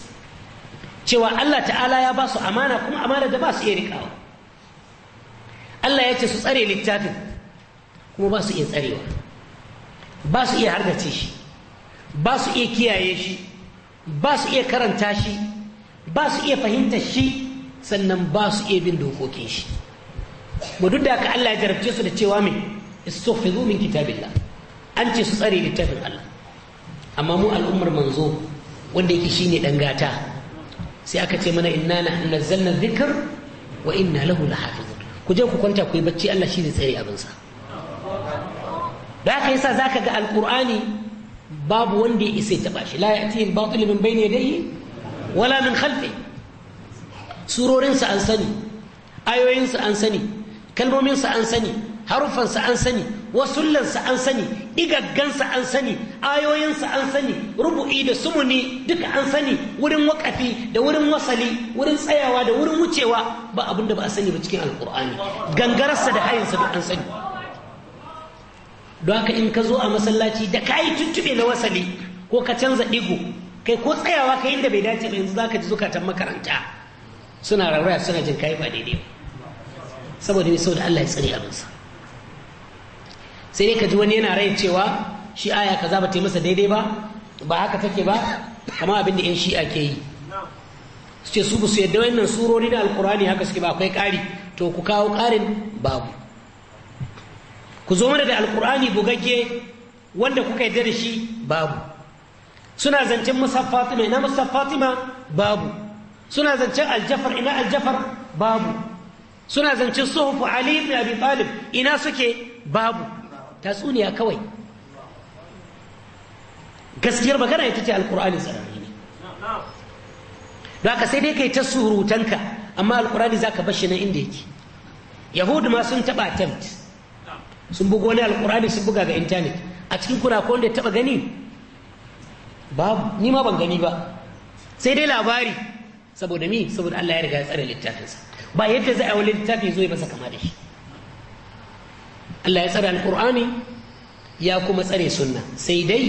S1: cewa Allah ta'ala ya ba su amana kuma amana da ba su iya riƙawa Allah ya ce su tsare littafin kuma ba su iya tsarewa ba su iya hargace shi ba su iya kiyaye shi ba su iya karanta shi ba su iya fahimtar shi sannan ba su iya bin dokokin shi ba duk da haka Allah ya jarabce su da cewa mai istaghfiru min kitabillah an ce su tsare littafin Allah amma mu al'ummar manzo wanda yake shine dan gata sai aka ce mana inna na nazzalna dhikr wa inna lahu lahafizun ku je ku kwanta ku yi bacci Allah shi zai tsare abin sa da haka yasa zaka ga alqur'ani babu wanda ya isa taba shi la ya'ti al-batil min bayni yadayhi wala min khalfi surorin sa an sani ayoyin sa an sani kalmomin sa an sani harufansa an sani wasullansa an sani igaggansa an sani ayoyinsa an sani rubu'i da sumuni duka an sani wurin wakafi da wurin wasali wurin tsayawa da wurin wucewa ba abin da ba a sani ba cikin alkur'ani gangararsa da hayinsa duk an sani don haka in ka zo a masallaci da ka yi tuttuɓe na wasali ko ka canza ɗigo kai ko tsayawa ka inda bai dace ba yanzu za ka ji zukatan makaranta suna rarraya suna jin kayi ba daidai ba saboda ne saboda Allah ya tsare abinsa sai dai ka ji wani yana rai cewa shi aya kaza ba ta masa daidai ba ba haka take ba kama abin da 'yan shi'a ke yi su ce su ba su yadda wannan surori na alkurani haka suke ba akwai ƙari to ku kawo ƙarin babu ku zo mana da alkurani bugagge wanda kuka yadda da shi babu suna zancen musaf fatima ina musaf babu suna zancen aljafar ina aljafar babu suna zancen suhufu ali ibn abi talib ina suke babu tatsuniya kawai gaskiyar magana ita ce alkur'ani sarari ne ba sai dai kai ta surutanka amma alkur'ani za ka bashi na inda yake yahudu ma sun taɓa attempt sun bugu wani alkur'ani sun buga ga intanet a cikin kuna ko wanda ya taɓa gani babu ni ma ban gani ba sai dai labari saboda mi saboda Allah ya riga ya tsare littafinsa ba yadda za a yi wani littafi zo ya masa kama da shi Allah ya tsare alkur'ani ya kuma tsare sunna sai dai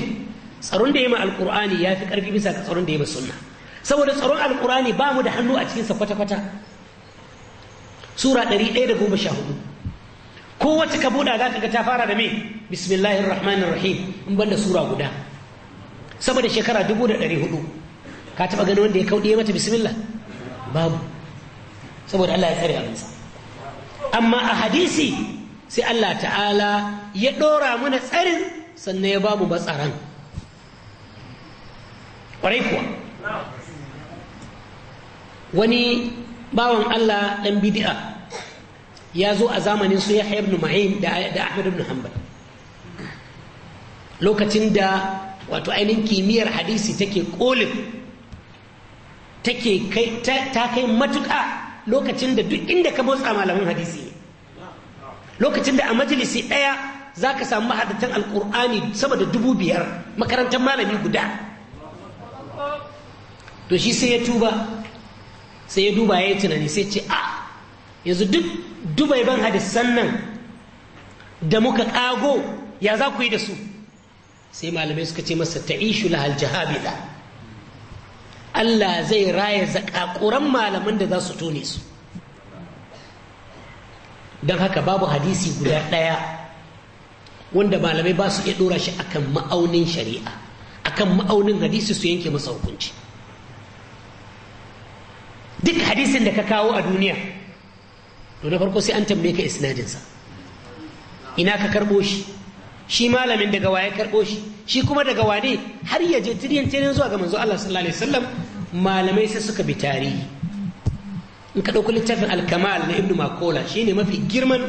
S1: tsaron da ya ma alkur'ani ya fi ƙarfi bisa ga tsaron da ya ma sunna saboda tsaron alkur'ani ba mu da hannu a cikinsa kwata-kwata sura 114 kowace ka buɗa za ka ga ta fara da me bismillahir rahmanir rahim in banda sura guda saboda shekara 1400 ka taɓa ganin wanda ya kauɗe mata bismillah babu saboda Allah ya tsare abinsa amma a hadisi sai Allah ta'ala ya ɗora mana tsarin sannan ya ba mu matsaran ƙwarai kuwa wani bawan Allah ɗan bidi'a ya zo a zamanin su ya ibn ma'im da Ahmad ibn Hanbal lokacin da wato ainihin kimiyyar hadisi take kolin take ta kai matuƙa lokacin da duk inda ka motsa malamin hadisi lokacin da a majalisi ɗaya za ka samu mahadatan alƙur'ani sama da dubu biyar makarantar malami guda to shi sai ya tuba sai ya duba ya yi tunani sai ce a ah, yanzu duk dubai ban hadisan nan da muka ƙago ya za ku yi da su sai malamai suka ce masa ta'ishu lahal jahabida Allah zai raya zakakuran malaman da za su tone su don haka babu hadisi guda ɗaya wanda malamai ba su iya ɗora shi akan ma'aunin shari'a akan ma'aunin hadisi su yanke masa hukunci duk hadisin da ka kawo a duniya to na farko sai an tambaye ka isnadinsa ina ka karɓo shi shi malamin daga waye karɓo shi shi kuma daga wane har ya je tiriyan tiriyan zuwa ga manzo Allah sallallahu alaihi wasallam malamai sai suka bi tarihi in ka ɗauki littafin alkamal na Ibn makola shine mafi girman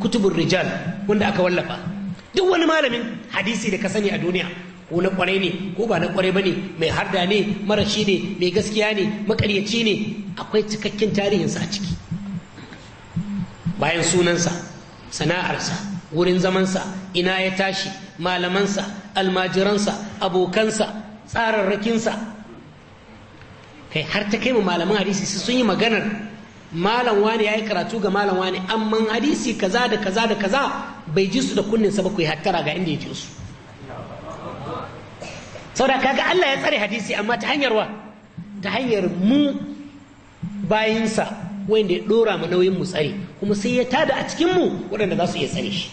S1: kutubun rijal wanda aka wallafa duk wani malamin hadisi da ka sani a duniya ko na kwarai ne ko ba na kwarai bane mai harda ne marashi ne mai gaskiya ne makaryaci ne akwai cikakken tarihinsa a ciki bayan sunansa sana'arsa wurin zamansa ina ya tashi malamansa almajiransa abokansa tsararrakinsa kai eh, har ta kai mu malaman hadisi su sun yi maganar malam wani ya yi karatu ga malam wani amma hadisi kaza da kaza da kaza bai ji su da kunnin sa ba ku yi hattara ga inda ya ji su saboda kaga Allah ya tsare hadisi amma ta hanyar wa ta hanyar mu bayinsa wanda ya dora mu nauyin mu tsare kuma sai ya tada a cikin mu waɗanda za su iya tsare shi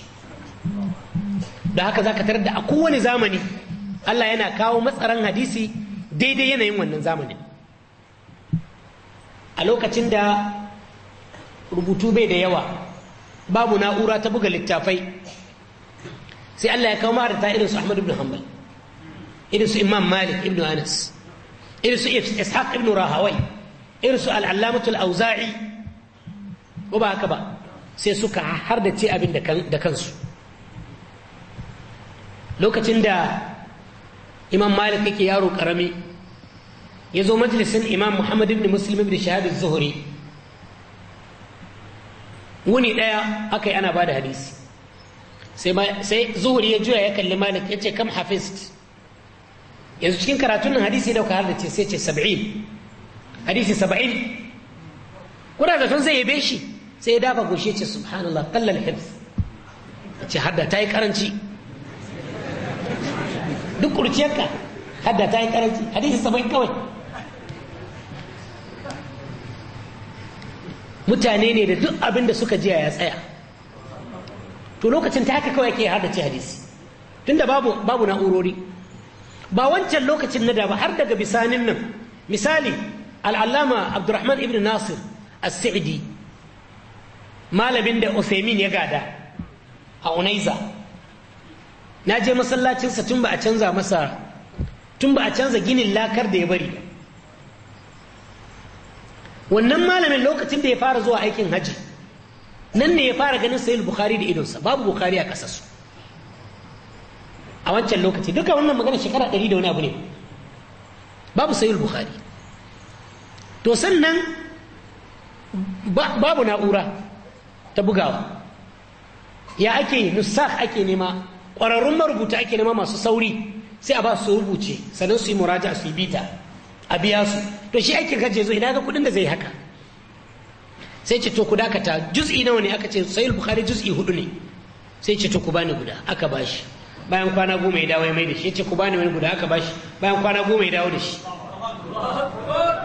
S1: da haka zaka tarar da a kowane zamani Allah yana kawo matsaran hadisi daidai yanayin wannan zamanin a lokacin da rubutu bai da yawa babu na'ura ta buga littafai sai Allah ya kawo ma'arata irin su Ahmad ibn Hanbal irin su Imam Malik ibn Anas irin su Ishaq ibn Rahawai irin su Al-Allamatu Al-Auza'i ko ba haka ba sai suka har da ce abin da kansu lokacin da Imam Malik yake yaro karami ya zo majalisin imam muhammad ibn muslim ibn shahad zuhuri wuni ɗaya aka yi ana ba da hadisi sai zuhuri ya juya ya kalli malik ya ce kam hafiz yanzu cikin karatun nan hadisi da har da ce sai ce sab'in hadisi saba'in kuna zaton zai yabe shi sai ya dafa goshe ce subhanallah kallal hibs ce hadda ta yi karanci duk kurciyarka hadda ta yi karanci hadisi saba'in kawai mutane ne da duk abin da suka jiya ya tsaya to lokacin ta haka kawai ke ci hadisi tunda babu babu na'urori ba wancan lokacin na da ba har daga bisanin nan misali al'allama abdurrahman ibn nasir as-sa'idi malamin da usaimin ya gada a unaiza na je masallacinsa tun ba a canza masa tun ba a canza ginin lakar da ya bari wannan malamin lokacin da ya fara zuwa aikin hajji nan ne ya fara ganin sayil bukhari da idonsa babu bukhari a su. a wancan lokaci duka wannan magana shekara ɗari da wani abu ne babu sayil bukhari to sannan babu na'ura ta bugawa ya ake nusakh ake nema ƙwararrun marubuta ake nema masu sauri sai a ba su rubuce sannan su yi muraja su yi bita a biya su to shi aikin hajji zo ina ga kuɗin da zai haka sai ce to ku dakata juz'i nawa ne aka ce sahih bukhari juz'i hudu ne sai ce to ku bani guda aka bashi bayan kwana goma ya dawo ya mai da shi ya ce ku bani wani guda aka bashi bayan kwana goma ya dawo da shi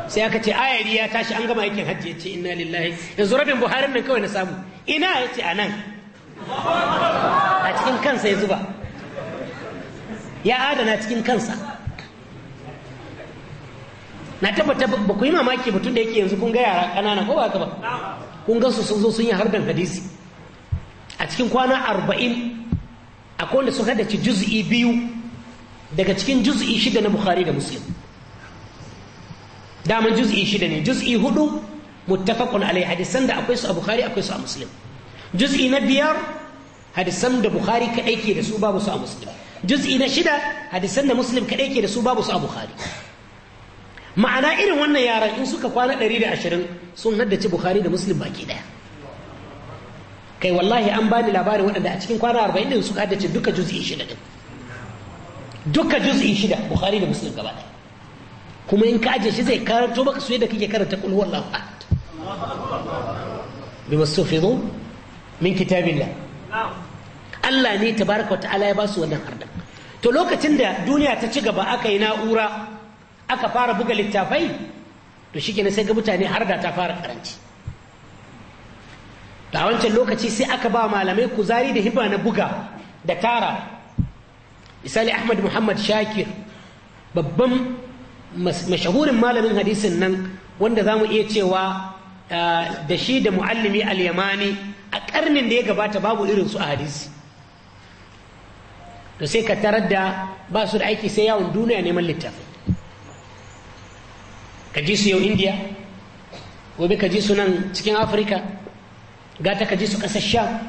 S1: sai aka ce ayari ya tashi an gama aikin hajji ya ce inna lillahi yanzu rabin buharin nan kawai na samu ina ya ce a nan a cikin kansa ya zuba ya adana cikin kansa na tabbata ba ku yi mamaki batun da yake yanzu kun ga yara ƙanana ko ba ka ba kun ga su sun zo sun yi harbin hadisi a cikin kwana arba'in akwai wanda sun haddace juz'i biyu daga cikin juz'i shida na bukhari da muslim daman juz'i shida ne juz'i hudu muttafaqun alai hadisan da akwai su a bukhari akwai su a muslim juz'i na biyar hadisan da bukhari kadai ke da su babu su a muslim juz'i na shida hadisan da muslim kadai ke da su babu su a bukhari ma'ana irin wannan yaran in suka kwana 120 sun haddace bukhari da muslim baki daya kai wallahi an bani labarin waɗanda a cikin kwana 40 din suka haddace duka juz'i shida din duka juz'i shida bukhari da muslim gaba daya kuma in ka ajiye shi zai karanto maka su yadda kake karanta qul huwallahu ahad bima sufidu min kitabillah Allah ne tabaraka wa ta'ala ya ba su wannan harda to lokacin da duniya ta ci gaba aka yi na'ura aka fara buga littafai to shi sai ga mutane har da ta fara karanci da wancan lokaci sai aka ba malamai kuzari da hiba na buga da tara misali ahmad muhammad shakir babban mashahurin malamin hadisin nan wanda za mu iya cewa ah, da shi da mu'allimi al-yamani a karnin da ya gabata babu irinsu a hadisi to sai ka tarar da ba su da aiki sai yawon duniya neman littafi ka ji su yau indiya gobe ka ji su nan cikin afirka gata ka ji su ƙasar sham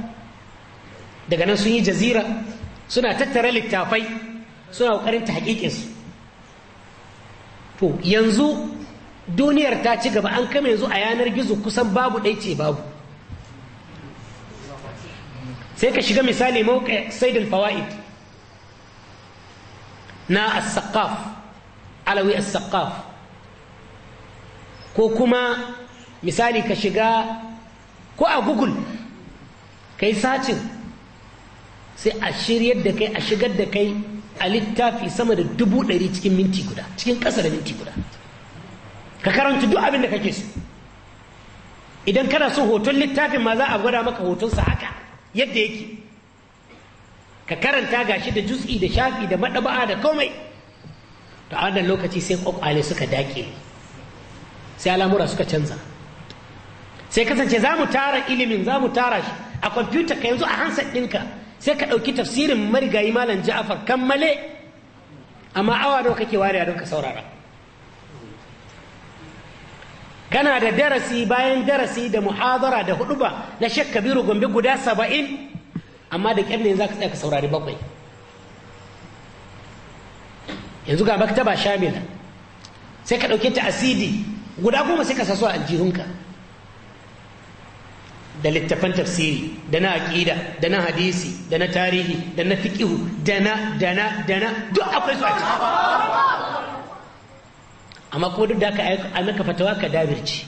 S1: daga nan sun yi jazira suna tattara littafai suna ƙoƙarin ta haƙiƙinsu to yanzu duniyar ta ci gaba an kama yanzu a yanar gizo kusan babu ce babu sai ka shiga misali mawuƙa saidin fawa'id na as-saqaf alawi as-saqaf ko kuma misali ka shiga ko a google ka yi sacin sai a shiryar da kai a shigar da kai a littafi sama da dubu ɗari cikin minti guda cikin ƙasa da minti guda ka karanta duk abin da kake so idan kana so hoton littafin ma za a gwada maka hotonsa haka yadda yake ka karanta gashi da jus'i da shafi da maɗaba'a da komai da wannan lokaci sai ƙwaƙwale suka daƙe sai al'amura suka canza sai kasance za mu tara ilimin za mu tara shi a kwamfuta ka yanzu a hansa ɗinka sai ka ɗauki tafsirin marigayi malam ja'afar kammale amma awa nawa kake ware don ka saurara kana da darasi bayan darasi da muhadara da huduba na shekka biro gombe guda saba'in amma da ƙyar ne za ka tsaya ka saurari bakwai yanzu ga maktaba shamila sai ka ɗauke ta asidi guda goma sai ka sasu a aljihunka da littafan tafsiri da na aƙida da na hadisi da na tarihi da na fiƙihu da na da na da na duk akwai su a ciki amma kuma duk da aka a maka fatawa ka dabirci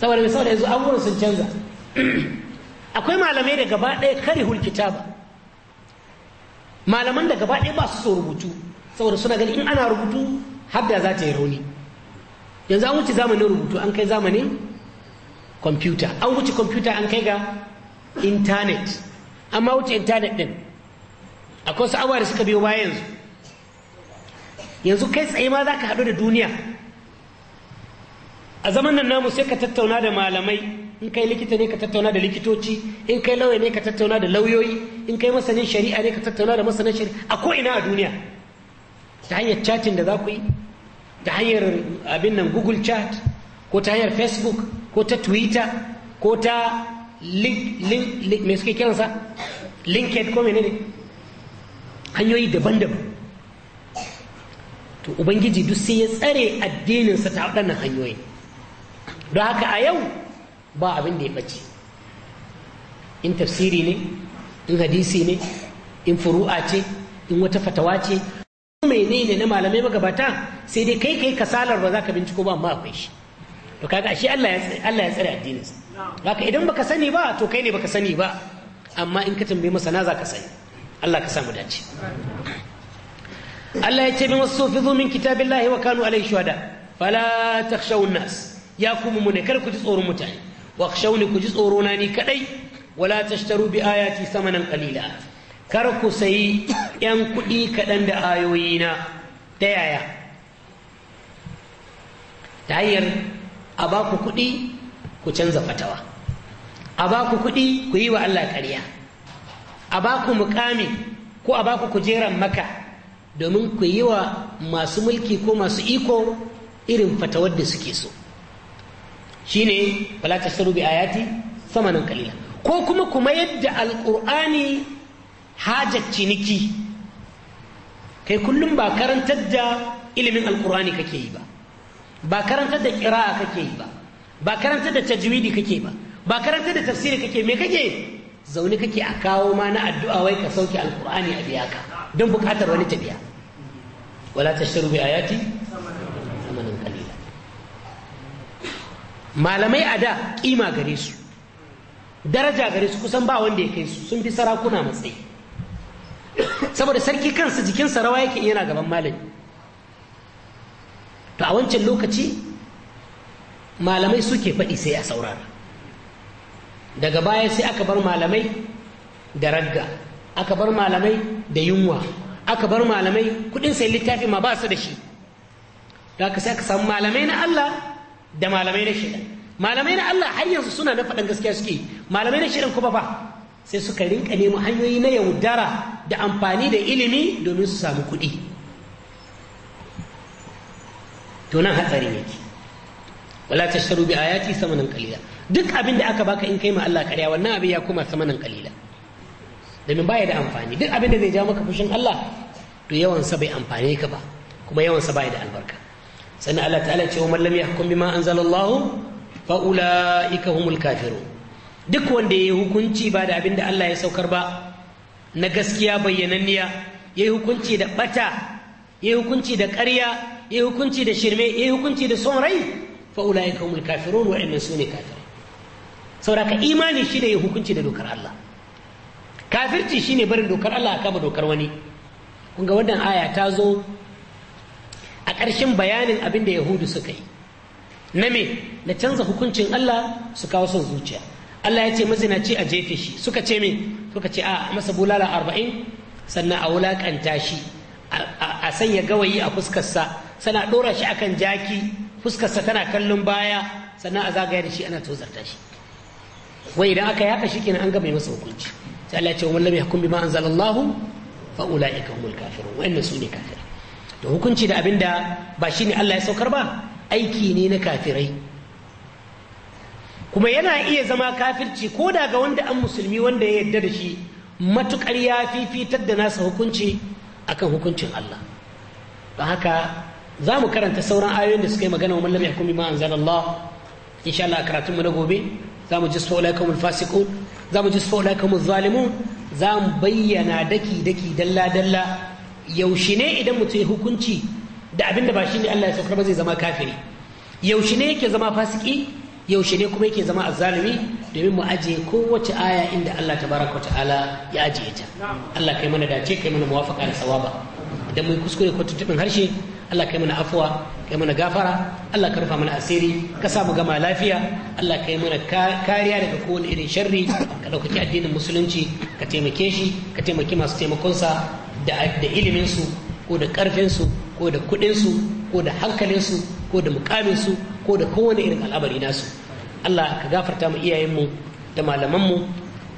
S1: saboda mai saboda yanzu abubuwan sun canza [CLEARS THROAT] akwai malamai da gaba ɗaya kare hulkita ba malaman da gaba ɗaya ba su so rubutu saboda suna gani in ana rubutu hadda za ta yi rauni yanzu an wuce zamanin rubutu an kai zamanin kwamfuta an wuce kwamfuta an kai ga intanet amma wuce intanet din akwai wasu abuwa da suka biyo baya yanzu yanzu kai tsaye ma za ka haɗu da duniya a zaman nan namu sai ka tattauna da malamai in kai likita ne ka tattauna da likitoci in kai lauya ne ka tattauna da lauyoyi in kai masanin shari'a ne ka tattauna da masanin shari'a a ko'ina a duniya ta hanyar chatin da za ku yi ta hanyar abin nan google chat ko ta hanyar facebook ko ta twitter ko ta link mai linked ko menene hanyoyi daban-daban to ubangiji duk sai ya tsare addininsa ta waɗannan hanyoyi don haka a yau ba abin da ya ɓace in tafsiri ne in hadisi ne in furu'a ce in wata fatawa ce menene na malamai magabata sai dai kai kai kasalar ba za ka binciko ba amma akwai shi to kaga shi Allah ya tsare addininsa haka idan baka sani ba to kai ne baka sani ba amma in ka tambaye masana za ka sani Allah ka samu dace Allah ya ce min wasu fizu min kitabillahi wa kanu alai shuhada fala takhshawun nas ya kuma mu ne kar ku ji tsoron mutane wa khshawni ku ji tsoro na ni kadai wala tashtaru bi ayati samanan qalila kar ku sayi 'yan kuɗi kaɗan da ayoyi na ta yaya ta hanyar a ba ku kuɗi ku canza fatawa a ba ku kuɗi ku yi wa Allah ƙarya a ba ku mukami ko a ba ku kujeran maka domin ku yi wa masu mulki ko masu iko irin fatawar da suke so shine fala ta bi ayati samanin kalila ko kuma kuma yadda alƙur'ani hajar ciniki kai kullum ba karantar da ilimin alkurani kake yi ba ba karantar da kira'a kake yi ba ba karantar da tajwidi kake ba ba karantar da tafsiri kake me kake zaune kake a kawo ma na addu'a wai ka sauke alkur'ani a biya ka don buƙatar wani ta biya wala tashtaru bi ayati samanin kalila malamai a da kima gare su daraja gare su kusan ba wanda ya kai su sun fi sarakuna matsayi saboda sarki kansa jikinsa rawa yake yana gaban malami to a wancan lokaci malamai suke faɗi sai a saurara daga baya sai aka bar malamai da ragga aka bar malamai da yunwa aka bar malamai kudin sai littafi ma ba su da shi da aka sai aka samu malamai na Allah da malamai na shida malamai na Allah har yanzu suna na faɗin gaskiya suke malamai na shirin kuma ba sai suka rinka nemo hanyoyi na yaudara da amfani da ilimi domin su samu kuɗi to nan hatsari yake wala tashtaru bi ayati samanan qalila duk abin da aka baka in kai ma Allah ƙarya wannan abin ya koma samanan qalila domin baya da amfani duk abin da zai ja maka fushin Allah to yawan sa bai amfane ka ba kuma yawan sa baya da albarka sannan Allah ta'ala ce wa man lam yahkum bima anzalallahu fa ulaika humul kafirun duk wanda yi hukunci ba da abin da Allah ya saukar ba na gaskiya bayyananniya ya yi hukunci da ɓata ya yi hukunci da ƙarya ya yi hukunci da shirme ya yi hukunci da son rai fa'ula ya kawun kafirun wa'annan su ne kafirai sauraka imani shi ne ya hukunci da dokar Allah kafirci shi ne barin dokar Allah a kama dokar wani kun ga wannan aya ta zo a ƙarshen bayanin abin da yahudu suka yi na me na canza hukuncin Allah su kawo son zuciya Allah ya ce mazinaci a jefe shi suka ce me suka ce a masa bulala arba'in sannan a wulakanta shi a sanya gawayi a fuskarsa sana ɗora shi akan jaki fuskarsa tana kallon baya sannan a zagaya da shi ana tozarta shi wai idan aka yaka shi kenan an gama masa hukunci sai Allah ya ce wa lam yahkum bima anzalallahu fa ulaika humul kafirun wa'annan su ne kafirai to hukunci da abinda ba shine Allah ya saukar ba aiki ne na kafirai kuma yana iya zama kafirci ko da ga wanda an musulmi wanda ya yarda da shi matukar ya fifitar da nasa hukunci akan hukuncin Allah don haka za mu karanta sauran ayoyin da suka yi magana wa mallam ya kuma anzal Allah insha Allah karatun mu na gobe za mu ji sa'ulaikum fasiku za mu ji sa'ulaikum zalimun za mu bayyana daki daki dalla dalla yaushe ne idan mutum ya hukunci da abin da ba shi ne Allah ya saukar ba zai zama kafiri yaushe ne yake zama fasiki yaushe ne kuma yake zama azzalimi domin mu ajiye kowace aya inda Allah tabaraka wa ta'ala ya ajiye ta Allah kai mana dace kai mana muwafaqa da sawaba idan mun kuskure ko tutubin harshe Allah kai mana afuwa kai mana gafara Allah ka rufa mana asiri ka sa mu gama lafiya Allah kai mana kariya daga kowane irin sharri ka ɗaukaki addinin musulunci ka taimake shi ka taimaki masu taimakonsa da su, ko da su ko da su, ko da su, ko da mukamin su. ko da kowane irin al'amari nasu Allah ka gafarta mu iyayenmu da malamanmu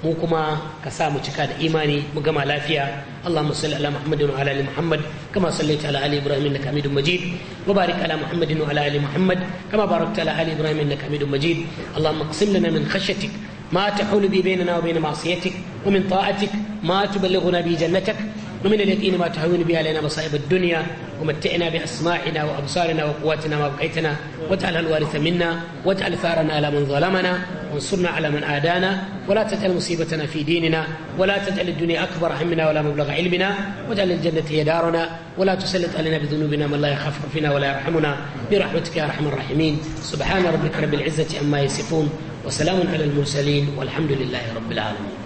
S1: mu kuma ka sa mu cika da imani mu gama lafiya Allahumma salli ala Muhammadin wa ala ali Muhammad kama sallaita ala ali Ibrahim innaka Hamidum Majid wa barik ala Muhammadin wa ala ali Muhammad kama barakta ala ali Ibrahim innaka Majid lana min khashyatik ما تحول بي بيننا وبين معصيتك ومن طاعتك ما تبلغنا به جنتك ومن اليقين ما تهون بها علينا مصائب الدنيا ومتعنا بأسماعنا وأبصارنا وقواتنا ما بقيتنا واجعل الوارث منا واجعل ثارنا على من ظلمنا وانصرنا على من عادانا ولا تجعل مصيبتنا في ديننا ولا تجعل الدنيا أكبر همنا ولا مبلغ علمنا واجعل الجنة هي دارنا ولا تسلط علينا بذنوبنا من لا يخاف فينا ولا يرحمنا برحمتك يا أرحم الراحمين سبحان ربك رب العزة عما يصفون وسلام على المرسلين والحمد لله رب العالمين